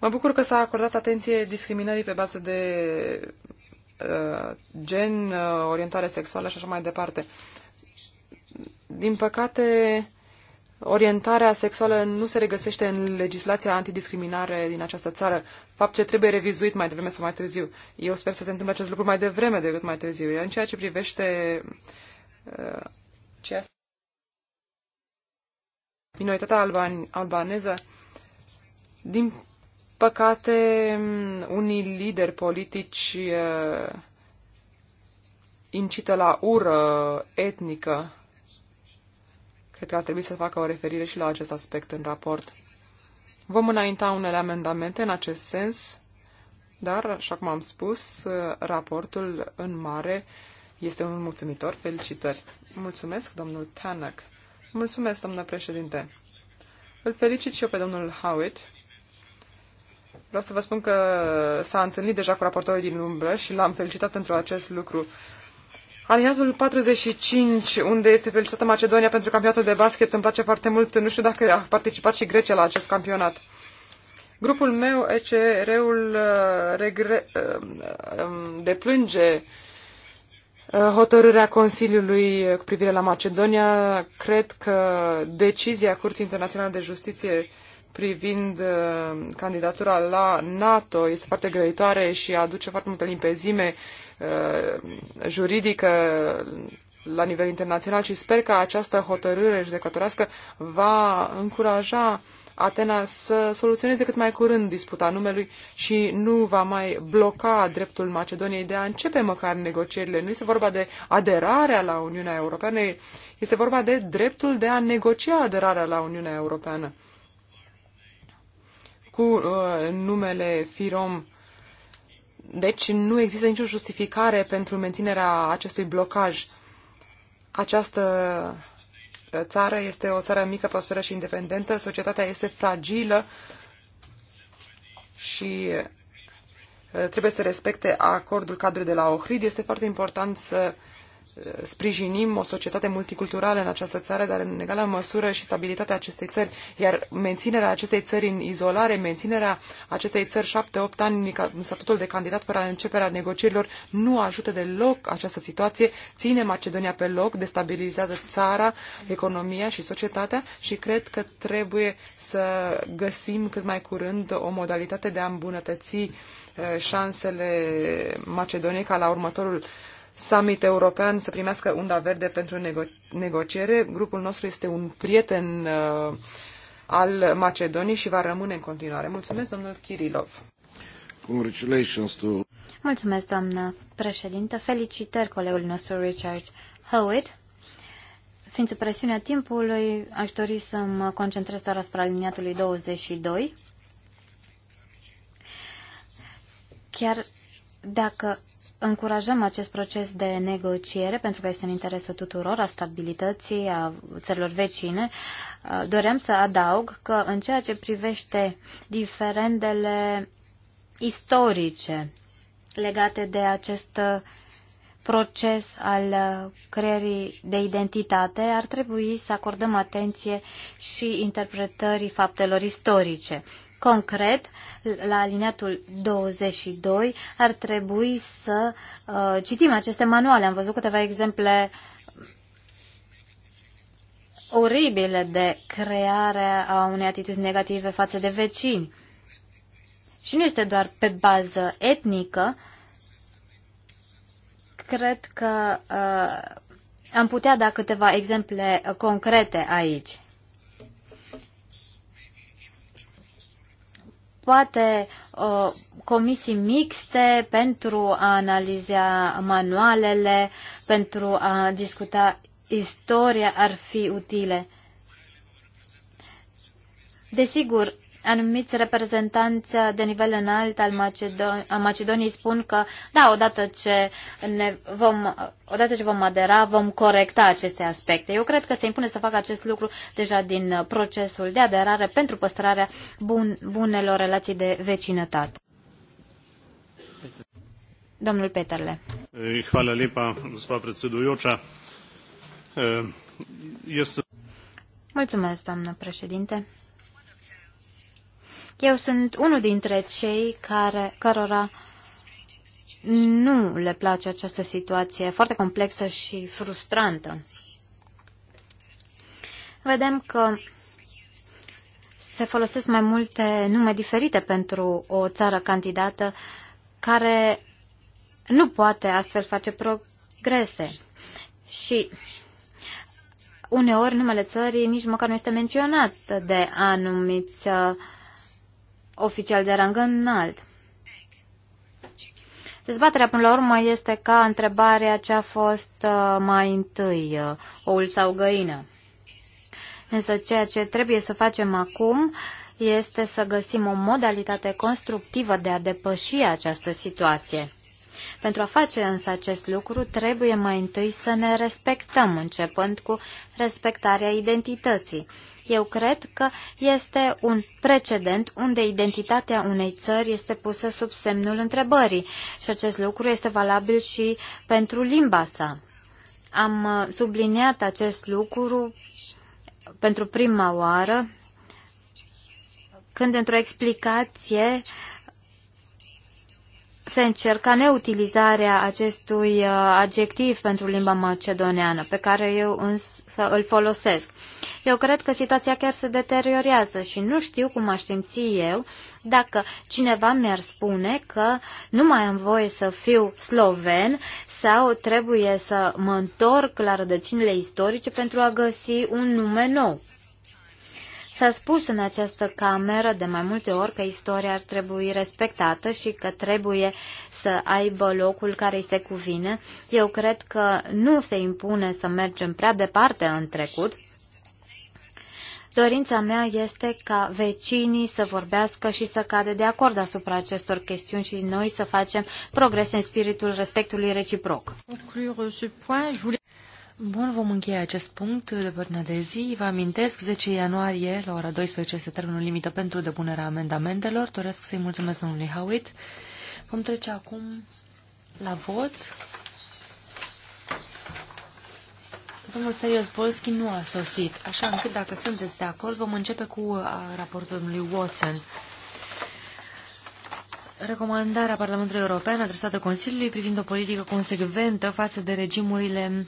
Mă bucur că s-a acordat atenție discriminării pe bază de uh, gen, uh, orientare sexuală și așa mai departe. Din păcate, orientarea sexuală nu se regăsește în legislația antidiscriminare din această țară, fapt ce trebuie revizuit mai devreme sau mai târziu. Eu sper să se întâmple acest lucru mai devreme decât mai târziu. În ceea ce privește uh, ceea minoritatea alban, albaneză, din păcate, unii lideri politici uh, incită la ură etnică. Cred că ar trebui să facă o referire și la acest aspect în raport. Vom înainta unele amendamente în acest sens, dar, așa cum am spus, uh, raportul în mare uh, este unul mulțumitor. Felicitări! Mulțumesc, domnul Tanak. Mulțumesc, domnul președinte. Îl felicit și eu pe domnul Howitt. Vreau să vă spun că s-a întâlnit deja cu raportorul din umbră și l-am felicitat pentru acest lucru. Aliniatul 45, unde este felicitată Macedonia pentru campionatul de basket, îmi place foarte mult. Nu știu dacă a participat și Grecia la acest campionat. Grupul meu, ECR-ul, uh, regre... Uh, um, uh, um, deplânge Uh, hotărârea Consiliului cu privire la Macedonia. Cred că decizia Curții Internaționale de Justiție privind uh, candidatura la NATO este foarte grăitoare și aduce foarte multă limpezime uh, juridică la nivel internațional și sper că această hotărâre judecătorească va încuraja Atena să soluționeze cât mai curând disputa numelui și nu va mai bloca dreptul Macedoniei de a începe măcar negocierile. Nu este vorba de aderarea la Uniunea Europeană, este vorba de dreptul de a negocia aderarea la Uniunea Europeană. Cu uh, numele FIROM. Deci nu există nicio justificare pentru menținerea acestui blocaj. Această țară este o țară mică, prosperă și independentă, societatea este fragilă și uh, trebuie să respecte acordul cadru de la Ohrid. Este foarte important să sprijinim o societate multiculturală în această țară, dar în egală măsură și stabilitatea acestei țări, iar menținerea acestei țări în izolare, menținerea acestei țări șapte-opt ani în statutul de candidat fără începerea negocierilor, nu ajută deloc această situație, ține Macedonia pe loc, destabilizează țara, economia și societatea și cred că trebuie să găsim cât mai curând o modalitate de a îmbunătăți uh, șansele Macedoniei ca la următorul summit european să primească unda verde pentru nego- negociere. Grupul nostru este un prieten uh, al Macedoniei și va rămâne în continuare. Mulțumesc, domnul Kirilov. Congratulations to... Mulțumesc, doamnă președintă. Felicitări colegul nostru Richard Howard. Fiind sub presiunea timpului, aș dori să mă concentrez doar asupra liniatului 22. Chiar dacă încurajăm acest proces de negociere, pentru că este în interesul tuturor, a stabilității, a țărilor vecine, doream să adaug că în ceea ce privește diferendele istorice legate de acest proces al creierii de identitate, ar trebui să acordăm atenție și interpretării faptelor istorice. Concret, la alineatul 22 ar trebui să uh, citim aceste manuale. Am văzut câteva exemple oribile de creare a unei atitudini negative față de vecini. Și nu este doar pe bază etnică. Cred că uh, am putea da câteva exemple concrete aici. poate uh, comisii mixte pentru a analiza manualele, pentru a discuta istoria ar fi utile. Desigur, anumiți reprezentanți de nivel înalt al Macedon- Macedoniei spun că, da, odată ce, ne vom, odată ce vom adera, vom corecta aceste aspecte. Eu cred că se impune să facă acest lucru deja din procesul de aderare pentru păstrarea bun, bunelor relații de vecinătate. Domnul Peterle. Hvala lepa, gospa predsedujoča. Mulțumesc, doamnă președinte. Eu sunt unul dintre cei care, cărora nu le place această situație foarte complexă și frustrantă. Vedem că se folosesc mai multe nume diferite pentru o țară candidată care nu poate astfel face progrese. Și uneori numele țării nici măcar nu este menționat de anumiți uh, oficial de rang înalt. Dezbaterea, până la urmă, este ca întrebarea ce a fost uh, mai întâi, uh, oul sau găină. Însă ceea ce trebuie să facem acum este să găsim o modalitate constructivă de a depăși această situație. Pentru a face însă acest lucru, trebuie mai întâi să ne respectăm, începând cu respectarea identității. Eu cred că este un precedent unde identitatea unei țări este pusă sub semnul întrebării și acest lucru este valabil și pentru limba sa. Am uh, subliniat acest lucru pentru prima oară când într-o explicație uh, se încerca neutilizarea acestui uh, adjectiv pentru limba macedoneană, pe care eu însă îl folosesc. Eu cred că situația chiar se deteriorează și nu știu cum aș simți eu dacă cineva mi-ar spune că nu mai am voie să fiu sloven sau trebuie să mă întorc la rădăcinile istorice pentru a găsi un nume nou. S-a spus în această cameră de mai multe ori că istoria ar trebui respectată și că trebuie să aibă locul care îi se cuvine. Eu cred că nu se impune să mergem prea departe în trecut. Dorința mea este ca vecinii să vorbească și să cadă de acord asupra acestor chestiuni și noi să facem progrese în spiritul respectului reciproc. Bun, vom încheia acest punct de până de zi. Vă amintesc, 10 ianuarie, la ora 12, este termenul limită pentru depunerea amendamentelor. Doresc să-i mulțumesc domnului Howitt. Vom trece acum la vot. Domnul Serios Volski nu a sosit, așa încât, dacă sunteți de acord, vom începe cu uh, raportul domnului Watson. Recomandarea Parlamentului European adresată Consiliului privind o politică consecventă față de regimurile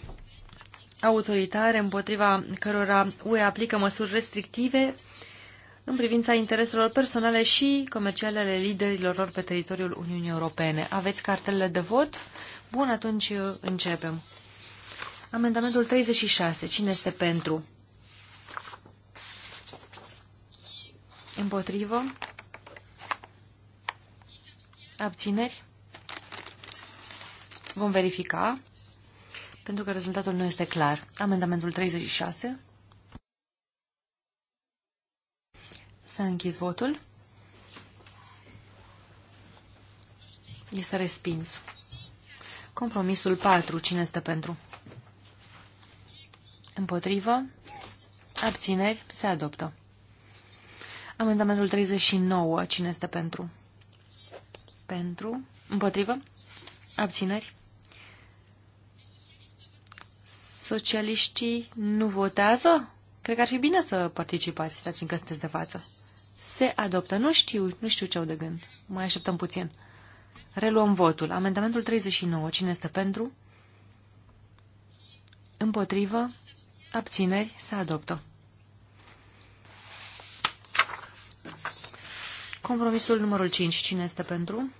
autoritare împotriva cărora UE aplică măsuri restrictive în privința intereselor personale și comerciale ale liderilor lor pe teritoriul Uniunii Europene. Aveți cartelele de vot? Bun, atunci uh, începem. Amendamentul 36. Cine este pentru? Împotrivă? Abțineri? Vom verifica pentru că rezultatul nu este clar. Amendamentul 36. S-a închis votul. Este respins. Compromisul 4. Cine este pentru? Împotrivă. Abțineri. Se adoptă. Amendamentul 39. Cine este pentru? Pentru. Împotrivă. Abțineri. Socialiștii nu votează? Cred că ar fi bine să participați, dar fiindcă sunteți de față. Se adoptă. Nu știu, nu știu ce au de gând. Mai așteptăm puțin. Reluăm votul. Amendamentul 39. Cine este pentru? Împotrivă? Abțineri? Se adoptă. Compromisul numărul 5. Cine este pentru?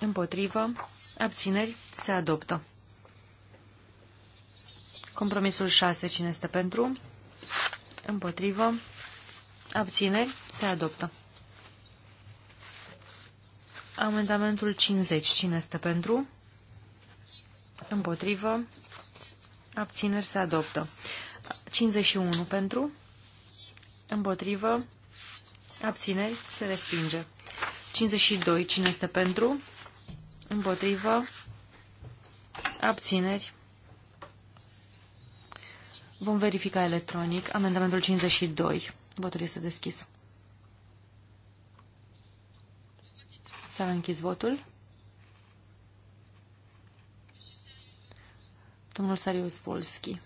Împotrivă? Abțineri? Se adoptă. Compromisul 6. Cine este pentru? Împotrivă. Abțineri. Se adoptă. Amendamentul 50. Cine este pentru? Împotrivă. Abțineri. Se adoptă. 51 pentru. Împotrivă. Abțineri. Se respinge. 52. Cine este pentru? Împotrivă. Abțineri. Vom verifica electronic amendamentul 52. Votul este deschis. S-a închis votul. Domnul Sarius Volski.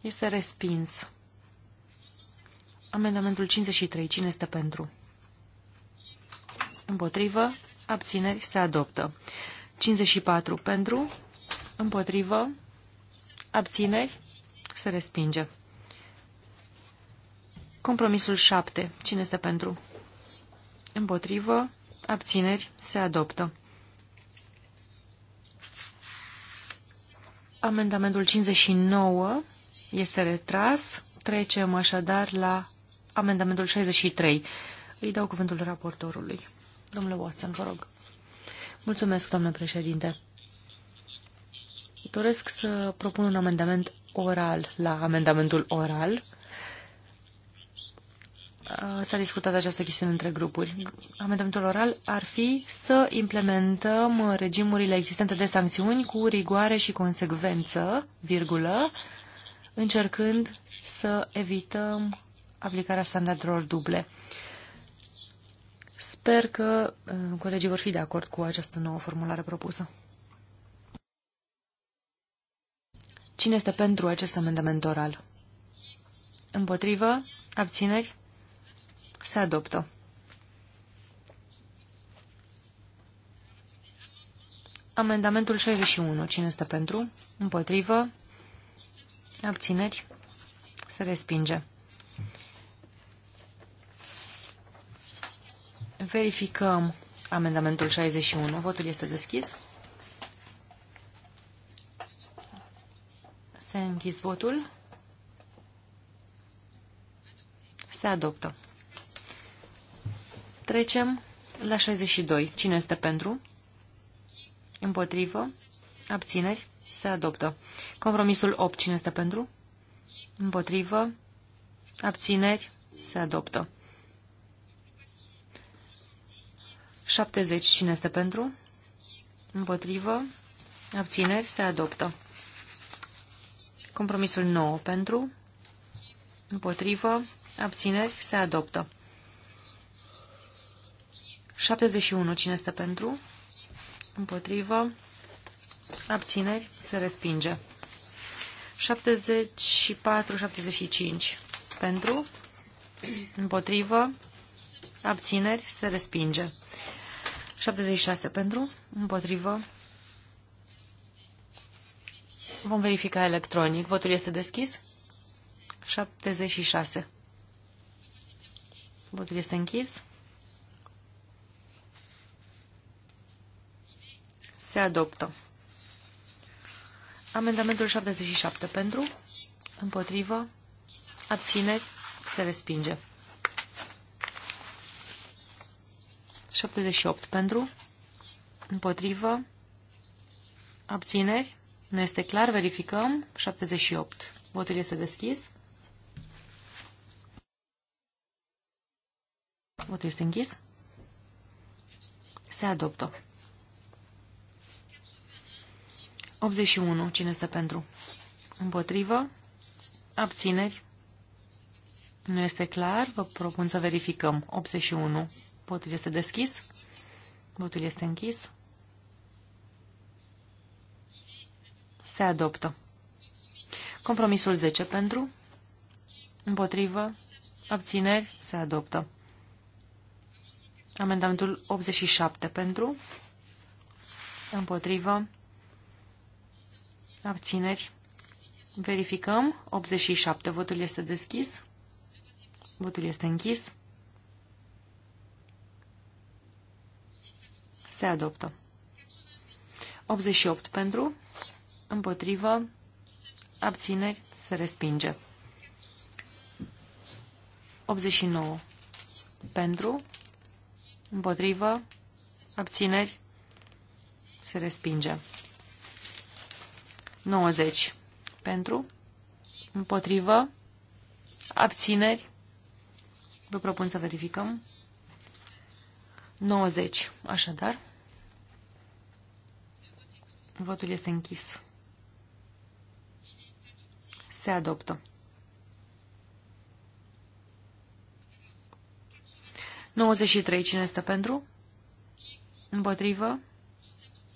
Este respins. Amendamentul 53. Cine este pentru? Împotrivă. Abțineri. Se adoptă. 54. Pentru. Împotrivă. Abțineri? Se respinge. Compromisul 7. Cine este pentru? Împotrivă. Abțineri. Se adoptă. Amendamentul 59 este retras. Trecem așadar la amendamentul 63. Îi dau cuvântul raportorului. Domnule Watson, vă rog. Mulțumesc, domnule președinte. Doresc să propun un amendament oral la amendamentul oral. Uh, s-a discutat această chestiune între grupuri. Amendamentul oral ar fi să implementăm regimurile existente de sancțiuni cu rigoare și consecvență, virgulă, încercând să evităm aplicarea standardelor duble. Sper că uh, colegii vor fi de acord cu această nouă formulare propusă. Cine este pentru acest amendament oral? Împotrivă? Abțineri? Se adoptă. Amendamentul 61. Cine este pentru? Împotrivă? Abțineri? Se respinge. Verificăm amendamentul 61. Votul este deschis. Se închis votul. Se adoptă. Trecem la 62. Cine este pentru? Împotrivă. Abțineri. Se adoptă. Compromisul 8. Cine este pentru? Împotrivă. Abțineri. Se adoptă. 70. Cine este pentru? Împotrivă. Abțineri. Se adoptă. Compromisul 9 pentru, împotrivă, abțineri, se adoptă. 71. Cine este pentru? Împotrivă. Abțineri. Se respinge. 74-75. Pentru. Împotrivă. Abțineri. Se respinge. 76 pentru. Împotrivă. Vom verifica electronic. Votul este deschis. 76. Votul este închis. Se adoptă. Amendamentul 77 pentru, împotrivă, Abține. se respinge. 78 pentru, împotrivă, abțineri, nu este clar, verificăm. 78. Votul este deschis. Votul este închis. Se adoptă. 81. Cine este pentru? Împotrivă? Abțineri? Nu este clar. Vă propun să verificăm. 81. Votul este deschis. Votul este închis. Se adoptă. Compromisul 10 pentru. Împotrivă. Abțineri. Se adoptă. Amendamentul 87 pentru. Împotrivă. Abțineri. Verificăm. 87. Votul este deschis. Votul este închis. Se adoptă. 88 pentru împotrivă, abțineri, se respinge. 89. Pentru, împotrivă, abțineri, se respinge. 90. Pentru, împotrivă, abțineri, vă propun să verificăm. 90. Așadar, votul este închis se adoptă. 93. Cine este pentru? Împotrivă?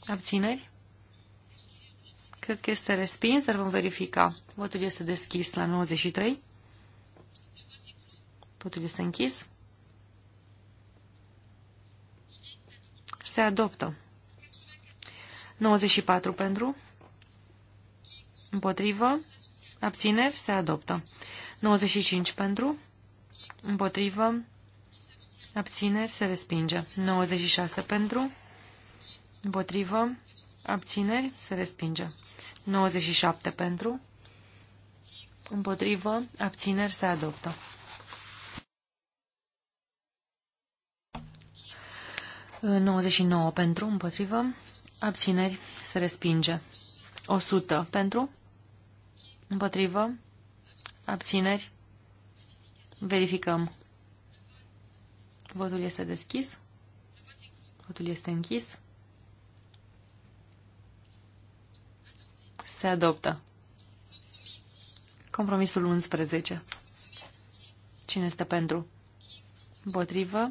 Abțineri? Cred că este respins, dar vom verifica. Votul este deschis la 93. Votul este închis. Se adoptă. 94 pentru. Împotrivă. Abțineri se adoptă. 95 pentru, împotrivă, abțineri se respinge. 96 pentru, împotrivă, abțineri se respinge. 97 pentru, împotrivă, abțineri se adoptă. În 99 pentru, împotrivă, abțineri se respinge. 100 pentru, Împotrivă? Abțineri? Verificăm. Votul este deschis. Votul este închis. Se adoptă. Compromisul 11. Cine este pentru? Împotrivă?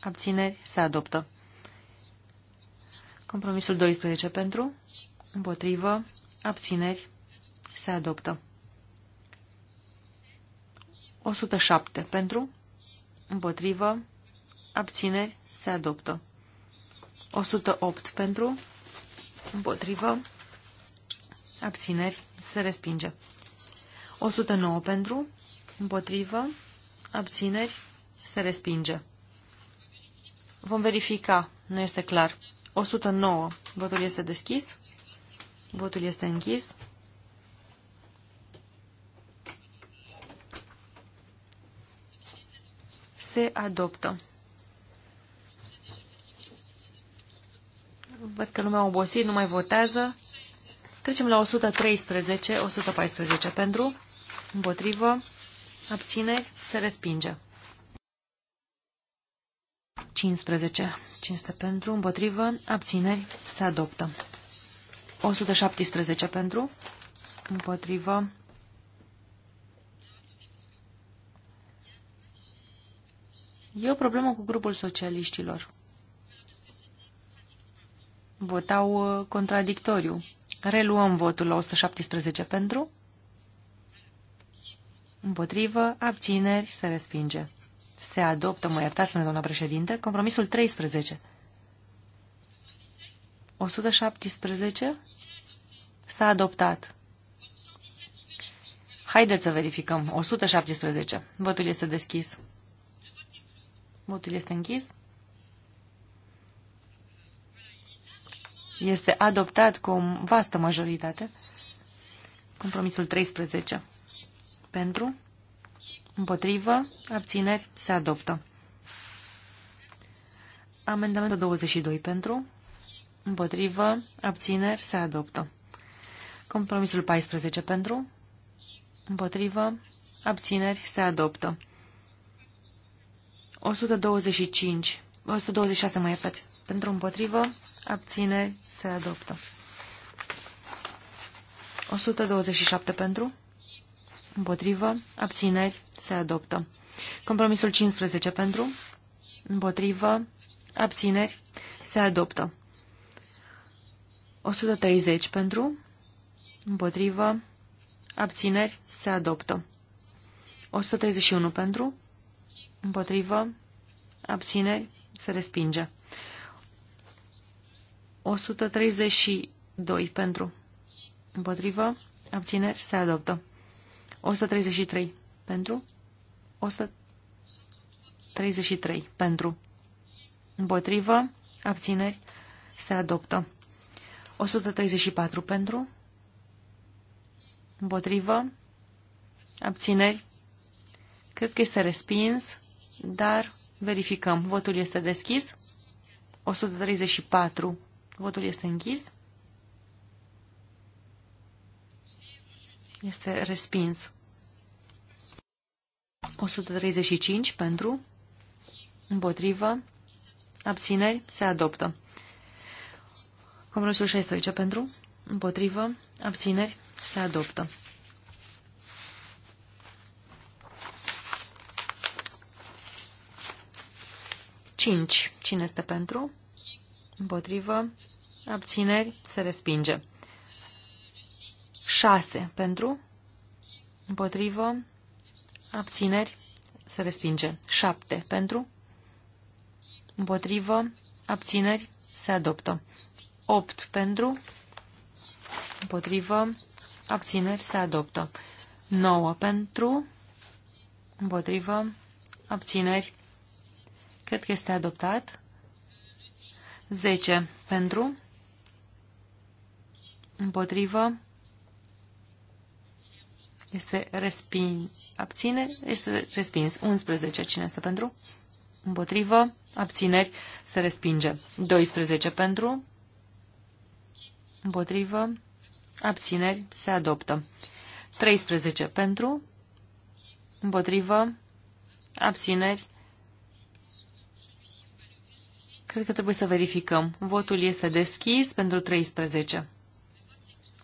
Abțineri? Se adoptă. Compromisul 12 pentru? Împotrivă? Abțineri? Se adoptă. 107. Pentru? Împotrivă? Abțineri? Se adoptă. 108. Pentru? Împotrivă? Abțineri? Se respinge. 109. Pentru? Împotrivă? Abțineri? Se respinge. Vom verifica. Nu este clar. 109. Votul este deschis. Votul este închis. se adoptă. Văd că lumea a obosit, nu mai votează. Trecem la 113, 114 pentru, împotrivă, abțineri, se respinge. 15, 500 pentru, împotrivă, abțineri, se adoptă. 117 pentru, împotrivă, E o problemă cu grupul socialiștilor. Votau uh, contradictoriu. Reluăm votul la 117 pentru. Împotrivă, abțineri, se respinge. Se adoptă, mă iertați-mă, doamna președinte, compromisul 13. 117 s-a adoptat. Haideți să verificăm. 117. Votul este deschis. Votul este închis. Este adoptat cu o vastă majoritate. Compromisul 13. Pentru, împotrivă, abțineri, se adoptă. Amendamentul 22 pentru, împotrivă, abțineri, se adoptă. Compromisul 14 pentru, împotrivă, abțineri, se adoptă. 125, 126 mai iertați. Pentru împotrivă, abține, se adoptă. 127 pentru, împotrivă, abțineri, se adoptă. Compromisul 15 pentru, împotrivă, abțineri, se adoptă. 130 pentru, împotrivă, abțineri, se adoptă. 131 pentru, Împotrivă. abține, Se respinge. 132 pentru. Împotrivă. abține, Se adoptă. 133 pentru. 133 pentru. Împotrivă. Abțineri. Se adoptă. 134 pentru. Împotrivă. Abțineri. Cred că este respins dar verificăm. Votul este deschis. 134. Votul este închis. Este respins. 135 pentru, împotrivă, abțineri, se adoptă. Compromisul 16 pentru, împotrivă, abțineri, se adoptă. 5. Cine este pentru? Împotrivă. Abțineri. Se respinge. 6. Pentru? Împotrivă. Abțineri. Se respinge. 7. Pentru? Împotrivă. Abțineri. Se adoptă. 8. Pentru? Împotrivă. Abțineri. Se adoptă. 9. Pentru? Împotrivă. Abțineri. Cred că este adoptat. 10 pentru. Împotrivă. Este respins. Abține. Este respins. 11. Cine este pentru? Împotrivă. Abțineri. Se respinge. 12 pentru. Împotrivă. Abțineri. Se adoptă. 13 pentru. Împotrivă. Abțineri. Cred că trebuie să verificăm. Votul este deschis pentru 13.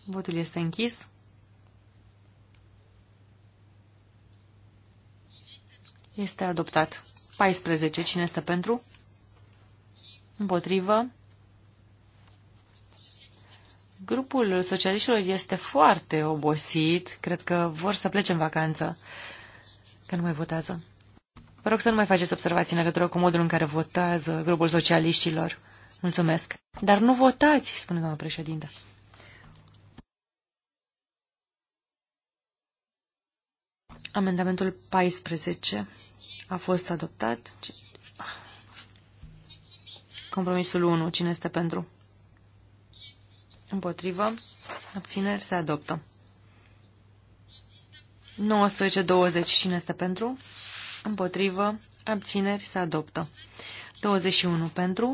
Votul este închis. Este adoptat. 14. Cine este pentru? Împotrivă. Grupul socialiștilor este foarte obosit. Cred că vor să plece în vacanță. Că nu mai votează. Vă rog să nu mai faceți observații în legătură cu modul în care votează grupul socialiștilor. Mulțumesc. Dar nu votați, spune doamna președintă. Amendamentul 14 a fost adoptat. Compromisul 1. Cine este pentru? Împotrivă. Abțineri se adoptă. 19.20. Cine este pentru? împotrivă, abțineri se adoptă. 21 pentru,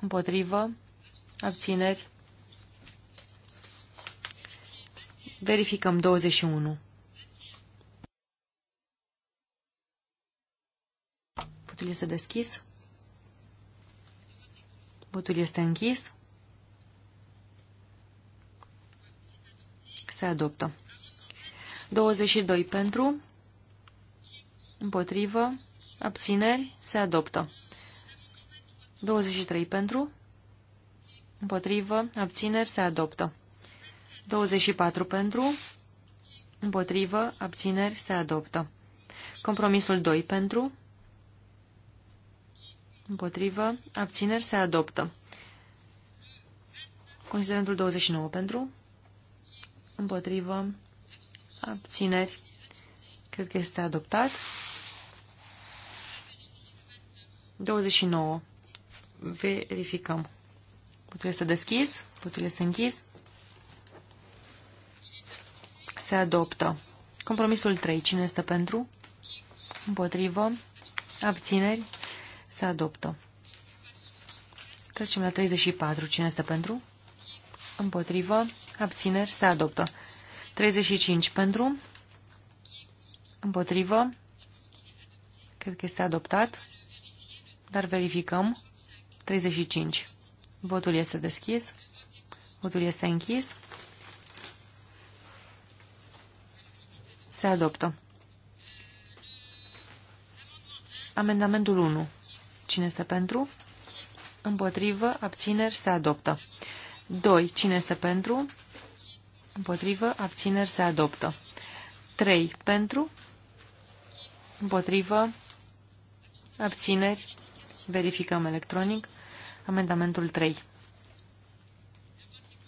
împotrivă, abțineri. Verificăm 21. Votul este deschis. Votul este închis. Se adoptă. 22 pentru, Împotrivă. Abțineri. Se adoptă. 23 pentru. Împotrivă. Abțineri. Se adoptă. 24 pentru. Împotrivă. Abțineri. Se adoptă. Compromisul 2 pentru. Împotrivă. Abțineri. Se adoptă. Considerentul 29 pentru. Împotrivă. Abțineri. Cred că este adoptat. 29. Verificăm. Votul este deschis, votul este închis. Se adoptă. Compromisul 3. Cine este pentru? Împotrivă. Abțineri. Se adoptă. Trecem la 34. Cine este pentru? Împotrivă. Abțineri. Se adoptă. 35 pentru. Împotrivă. Cred că este adoptat dar verificăm. 35. Votul este deschis. Votul este închis. Se adoptă. Amendamentul 1. Cine este pentru? Împotrivă, abțineri, se adoptă. 2. Cine este pentru? Împotrivă, abțineri, se adoptă. 3. Pentru? Împotrivă, abțineri, Verificăm electronic. Amendamentul 3.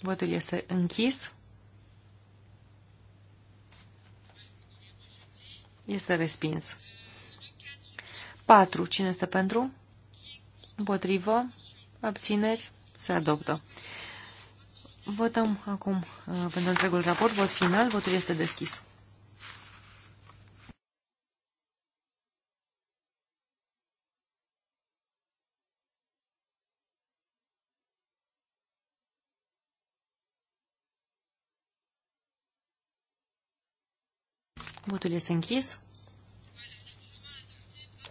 Votul este închis. Este respins. 4. Cine este pentru? Împotrivă. Abțineri. Se adoptă. Votăm acum uh, pentru întregul raport. Vot final. Votul este deschis. Votul este închis.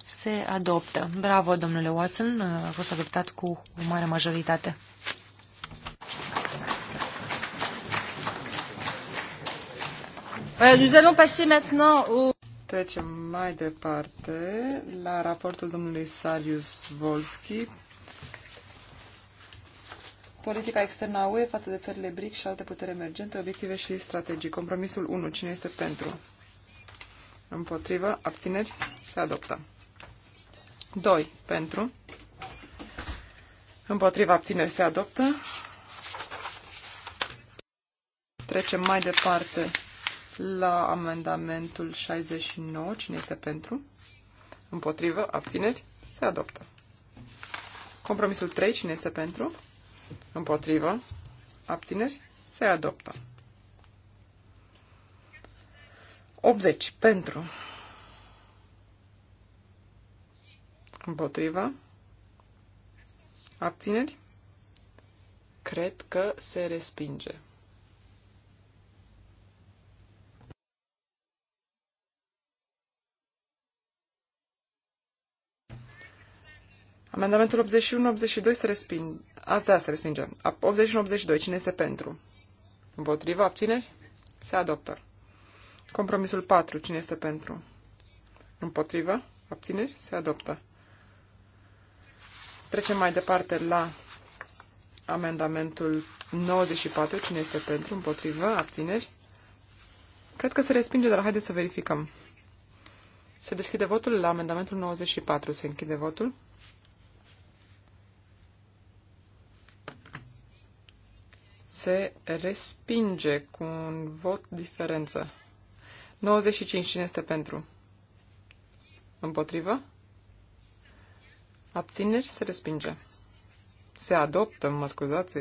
Se adoptă. Bravo, domnule Watson. A fost adoptat cu o mare majoritate. Nous allons passer maintenant au... Trecem mai departe la raportul domnului Sarius Volski. Politica externă a UE față de țările BRIC și alte puteri emergente, obiective și strategii. Compromisul 1. Cine este pentru? Împotrivă. Abțineri. Se adoptă. 2. Pentru. Împotrivă. Abțineri. Se adoptă. Trecem mai departe la amendamentul 69. Cine este pentru? Împotrivă. Abțineri. Se adoptă. Compromisul 3. Cine este pentru? Împotrivă. Abțineri. Se adoptă. 80 pentru. Împotriva. Abțineri? Cred că se respinge. Amendamentul 81-82 se respinge. Asta se respinge. 81-82. Cine este pentru? Împotriva? Abțineri? Se adoptă. Compromisul 4. Cine este pentru? Împotrivă? Abțineri? Se adoptă. Trecem mai departe la amendamentul 94. Cine este pentru? Împotrivă? Abțineri? Cred că se respinge, dar haideți să verificăm. Se deschide votul la amendamentul 94. Se închide votul. Se respinge cu un vot diferență. 95. Cine este pentru? Împotrivă? Abțineri? Se respinge. Se adoptă, mă scuzați,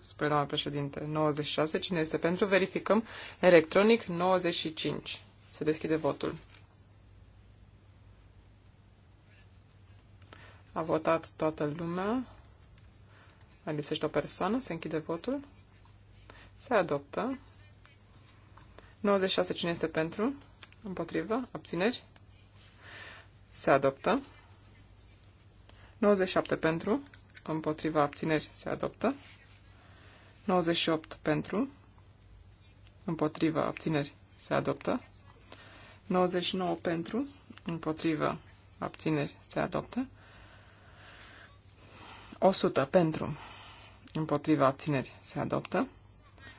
spune doamna președinte, 96. Cine este pentru? Verificăm electronic 95. Se deschide votul. A votat toată lumea. Mai lipsește o persoană. Se închide votul. Se adoptă. 96 cine este pentru? Împotrivă? Abțineri? Se adoptă. 97 pentru? Împotriva abțineri? Se adoptă. 98 pentru? Împotriva abțineri? Se adoptă. 99 pentru? Împotriva abțineri? Se adoptă. 100 pentru? Împotriva abțineri? Se adoptă.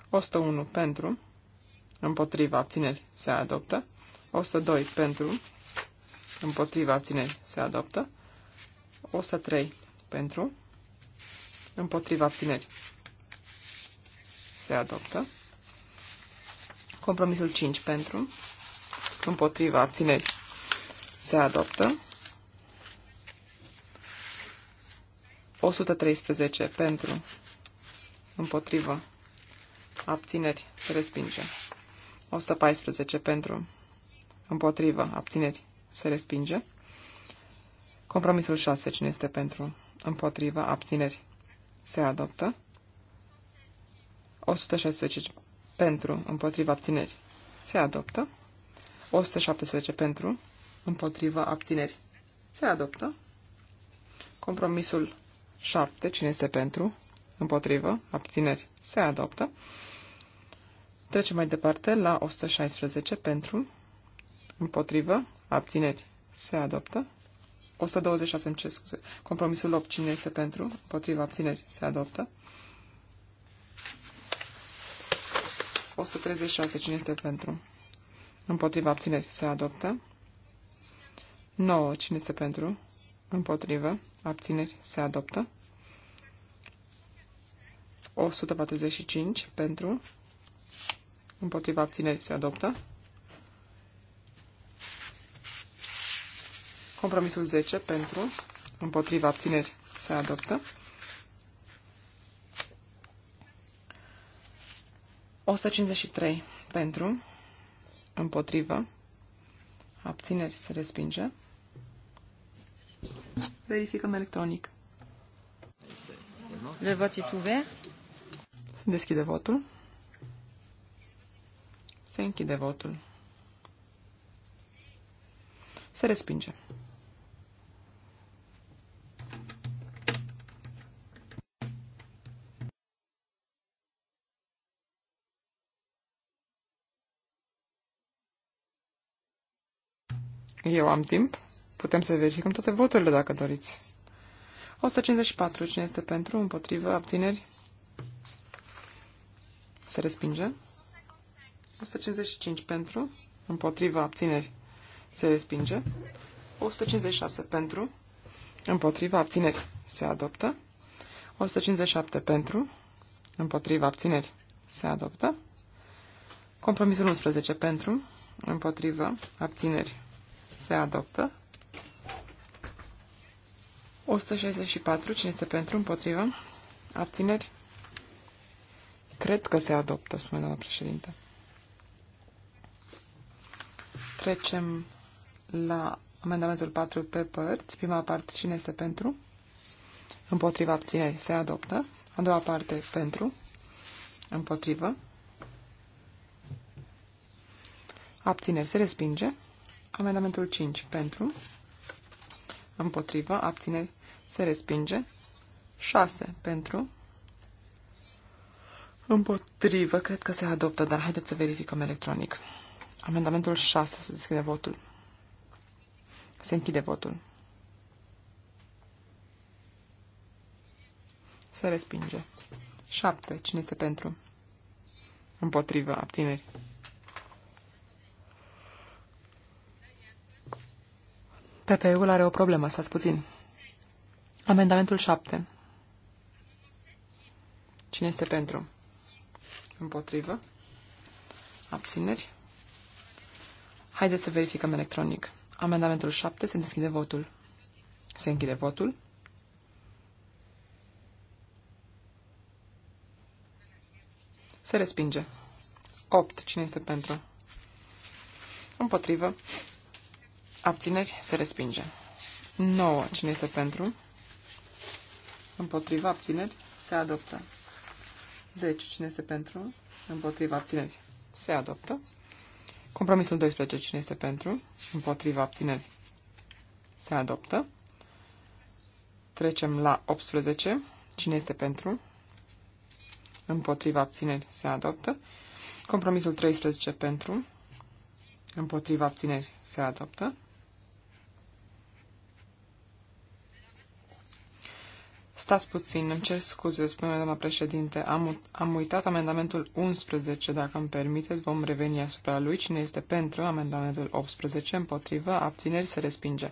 101 pentru? împotriva abțineri se adoptă, 102 pentru, împotriva abțineri se adoptă, 103 pentru, împotriva abțineri se adoptă, compromisul 5 pentru, împotriva abțineri se adoptă, 113 pentru, împotriva abțineri se respinge. 114 pentru, împotrivă, abțineri, se respinge. Compromisul 6, cine este pentru, împotrivă, abțineri, se adoptă. 116 pentru, împotriva abțineri, se adoptă. 117 pentru, împotriva abțineri, se adoptă. Compromisul 7, cine este pentru, împotrivă, abțineri, se adoptă. Trecem mai departe la 116 pentru, împotrivă, abțineri, se adoptă. 126, îmi cer scuze. Compromisul 8, cine este pentru, împotrivă, abțineri, se adoptă. 136, cine este pentru, împotrivă, abțineri, se adoptă. 9, cine este pentru, împotrivă, abțineri, se adoptă. 145 pentru, Împotriva abținerii se adoptă. Compromisul 10 pentru. Împotriva abțineri se adoptă. 153 pentru. împotriva Abțineri se respinge. Verificăm electronic. Le vot est ouvert. Se deschide votul. Se închide votul. Se respinge. Eu am timp. Putem să verificăm toate voturile dacă doriți. 154. Cine este pentru? Împotrivă? Abțineri? Se respinge? 155 pentru, împotriva abțineri se respinge. 156 pentru, împotriva abțineri se adoptă. 157 pentru, împotriva abțineri se adoptă. Compromisul 11 pentru, împotriva abțineri se adoptă. 164, cine este pentru, împotriva, abțineri. Cred că se adoptă, spune doamna președinte. Trecem la amendamentul 4 pe părți. Prima parte, cine este pentru? Împotriva abținerii se adoptă. A doua parte, pentru. Împotrivă. Abțineri se respinge. Amendamentul 5 pentru. Împotrivă. Abțineri se respinge. 6 pentru. Împotrivă. Cred că se adoptă, dar haideți să verificăm electronic. Amendamentul 6. Se deschide votul. Se închide votul. Se respinge. 7. Cine este pentru? Împotrivă. Abțineri. PPU-ul are o problemă, stați puțin. Amendamentul 7. Cine este pentru? Împotrivă. Abțineri. Haideți să verificăm electronic. Amendamentul 7 se deschide votul. Se închide votul. Se respinge. 8. Cine este pentru? Împotrivă. Abțineri. Se respinge. 9. Cine este pentru? Împotriva abțineri. Se adoptă. 10. Cine este pentru? Împotriva abțineri. Se adoptă. Compromisul 12. Cine este pentru? Împotriva abțineri. Se adoptă. Trecem la 18. Cine este pentru? Împotriva abțineri. Se adoptă. Compromisul 13 pentru. Împotriva abțineri. Se adoptă. Stați puțin, îmi cer scuze, spune doamna președinte. Am, am uitat amendamentul 11, dacă îmi permiteți, vom reveni asupra lui. Cine este pentru amendamentul 18, împotrivă, abțineri, se respinge.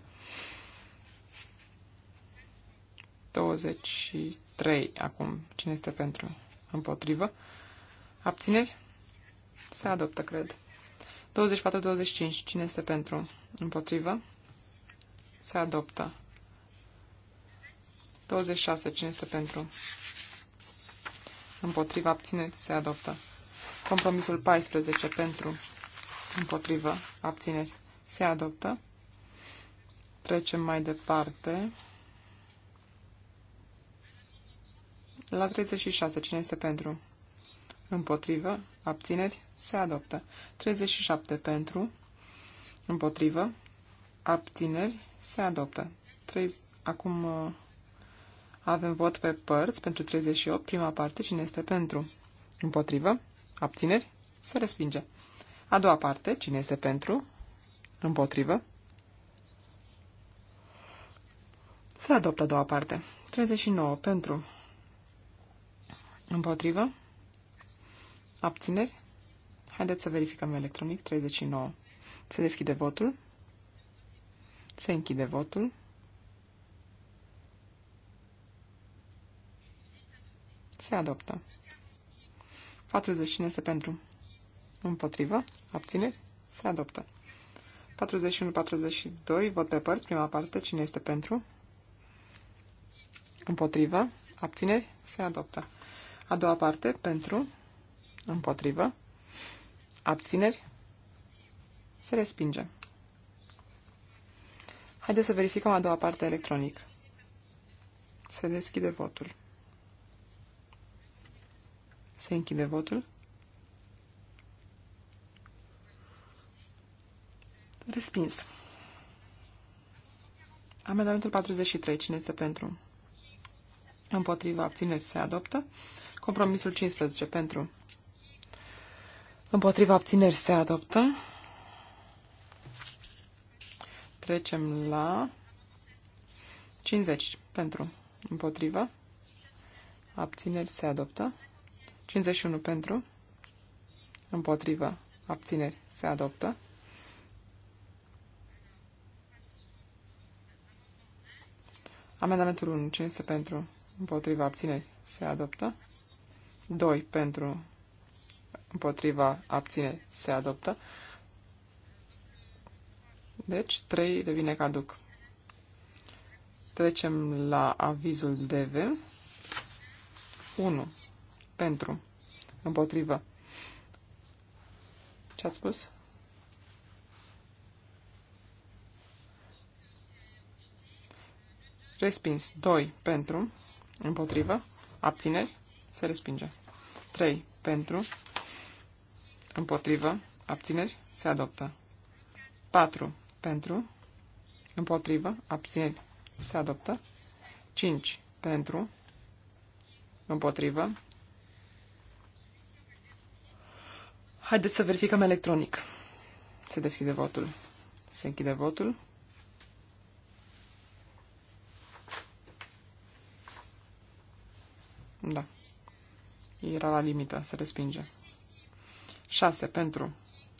23 acum. Cine este pentru? Împotrivă. Abțineri? Se adoptă, cred. 24-25. Cine este pentru? Împotrivă. Se adoptă. 26. Cine este pentru? Împotriva abțineți se adoptă. Compromisul 14 pentru împotriva abțineri se adoptă. Trecem mai departe. La 36. Cine este pentru? Împotrivă. Abțineri. Se adoptă. 37. Pentru. Împotrivă. Abțineri. Se adoptă. 3... Acum uh, avem vot pe părți pentru 38, prima parte, cine este pentru? Împotrivă? Abțineri? Se respinge. A doua parte, cine este pentru? Împotrivă? Se adoptă a doua parte. 39, pentru? Împotrivă? Abțineri? Haideți să verificăm electronic. 39. Se deschide votul. Se închide votul. se adoptă. 45 este pentru. Împotrivă. Abțineri. Se adoptă. 41-42. Vot pe părți. Prima parte. Cine este pentru? Împotrivă. Abțineri. Se adoptă. A doua parte. Pentru. Împotrivă. Abțineri. Se respinge. Haideți să verificăm a doua parte electronic. Se deschide votul. Se închide votul. Respins. Amendamentul 43. Cine este pentru? Împotriva abțineri se adoptă. Compromisul 15. Pentru. Împotriva abțineri se adoptă. Trecem la 50. Pentru. Împotriva. Abțineri se adoptă. 51 pentru, împotrivă, abțineri, se adoptă. Amendamentul 1, 5 pentru, împotriva, abțineri, se adoptă. 2 pentru, împotriva, abțineri, se adoptă. Deci 3 devine caduc. Trecem la avizul DV. 1 pentru. Împotrivă. Ce ați spus? Respins. 2. Pentru. Împotrivă. Abțineri. Se respinge. 3. Pentru. Împotrivă. Abțineri. Se adoptă. 4. Pentru. Împotrivă. Abțineri. Se adoptă. 5. Pentru. Împotrivă. Haideți să verificăm electronic. Se deschide votul. Se închide votul. Da. Era la limită, se respinge. 6 pentru,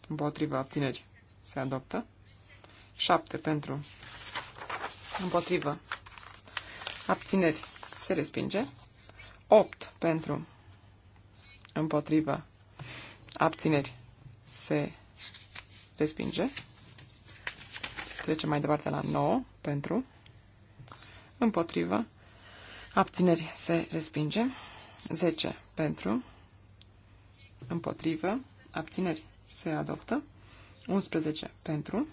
împotriva abțineri, se adoptă. 7 pentru, împotriva abțineri, se respinge. 8 pentru, împotriva abțineri se respinge. Trecem mai departe la 9 pentru, împotrivă, abțineri se respinge. 10 pentru, împotrivă, abțineri se adoptă. 11 pentru,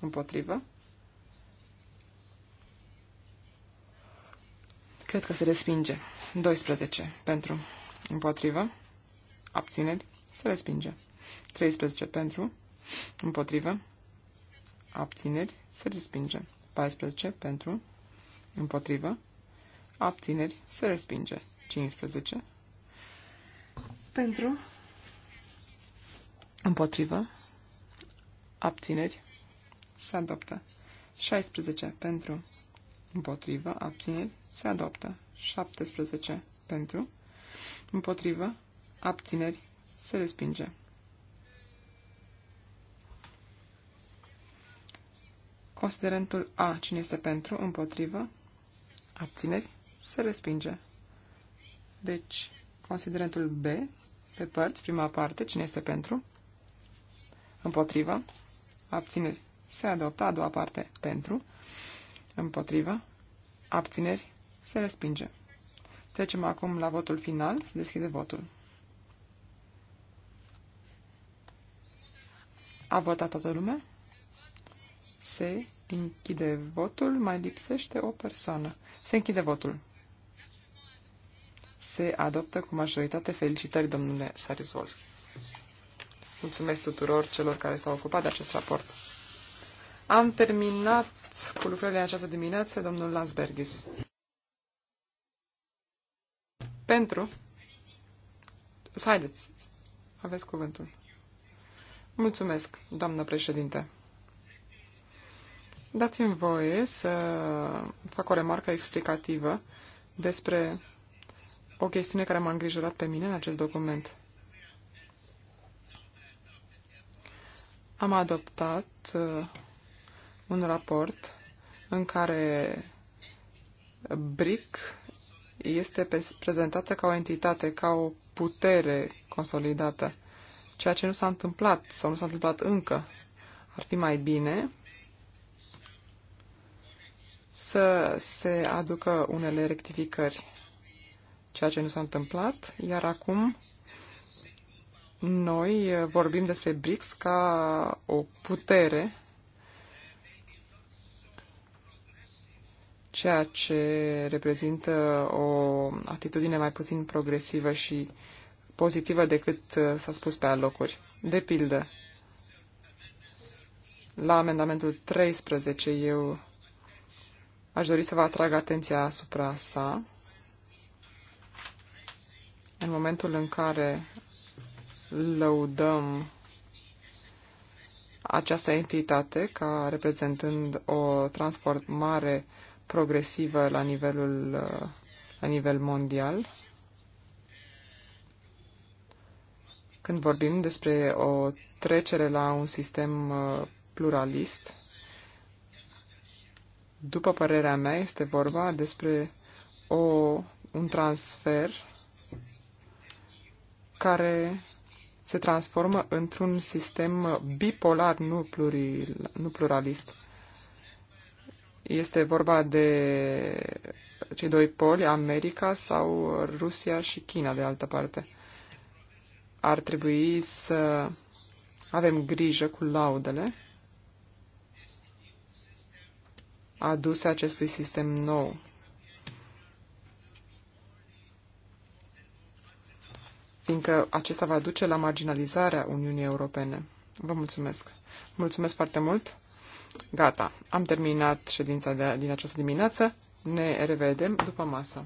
împotrivă. Cred că se respinge. 12 pentru, împotrivă abțineri, se respinge. 13 pentru, împotrivă, abțineri, se respinge. 14 pentru, împotrivă, abțineri, se respinge. 15 pentru, împotrivă, abțineri, se adoptă. 16 pentru, împotrivă, abțineri, se adoptă. 17 pentru, împotrivă, abțineri, se respinge. Considerentul A, cine este pentru, împotrivă, abțineri, se respinge. Deci, considerentul B, pe părți, prima parte, cine este pentru, împotrivă, abțineri, se adoptă, a doua parte, pentru, împotrivă, abțineri, se respinge. Trecem acum la votul final, se deschide votul. A votat toată lumea? Se închide votul. Mai lipsește o persoană. Se închide votul. Se adoptă cu majoritate. Felicitări, domnule Sarizolski. Mulțumesc tuturor celor care s-au ocupat de acest raport. Am terminat cu lucrările în această dimineață, domnul Lansbergis. Pentru. Haideți. Aveți cuvântul. Mulțumesc, doamnă președinte. Dați-mi voie să fac o remarcă explicativă despre o chestiune care m-a îngrijorat pe mine în acest document. Am adoptat uh, un raport în care BRIC este prezentată ca o entitate, ca o putere consolidată ceea ce nu s-a întâmplat sau nu s-a întâmplat încă. Ar fi mai bine să se aducă unele rectificări, ceea ce nu s-a întâmplat, iar acum noi vorbim despre BRICS ca o putere, ceea ce reprezintă o atitudine mai puțin progresivă și uh, pozitivă decât uh, s-a spus pe alocuri. De pildă, la amendamentul 13 eu aș dori să vă atrag atenția asupra sa. În momentul în care lăudăm această entitate ca reprezentând o transformare progresivă la nivelul uh, la nivel mondial, Când vorbim despre o trecere la un sistem uh, pluralist, după părerea mea, este vorba despre o, un transfer care se transformă într-un sistem bipolar, nu, pluri, nu pluralist. Este vorba de cei doi poli, America sau Rusia și China, de altă parte ar trebui să avem grijă cu laudele aduse acestui sistem nou. fiindcă acesta va duce la marginalizarea Uniunii Europene. Vă mulțumesc. Mulțumesc foarte mult. Gata, am terminat ședința de, din această dimineață. Ne revedem după masă.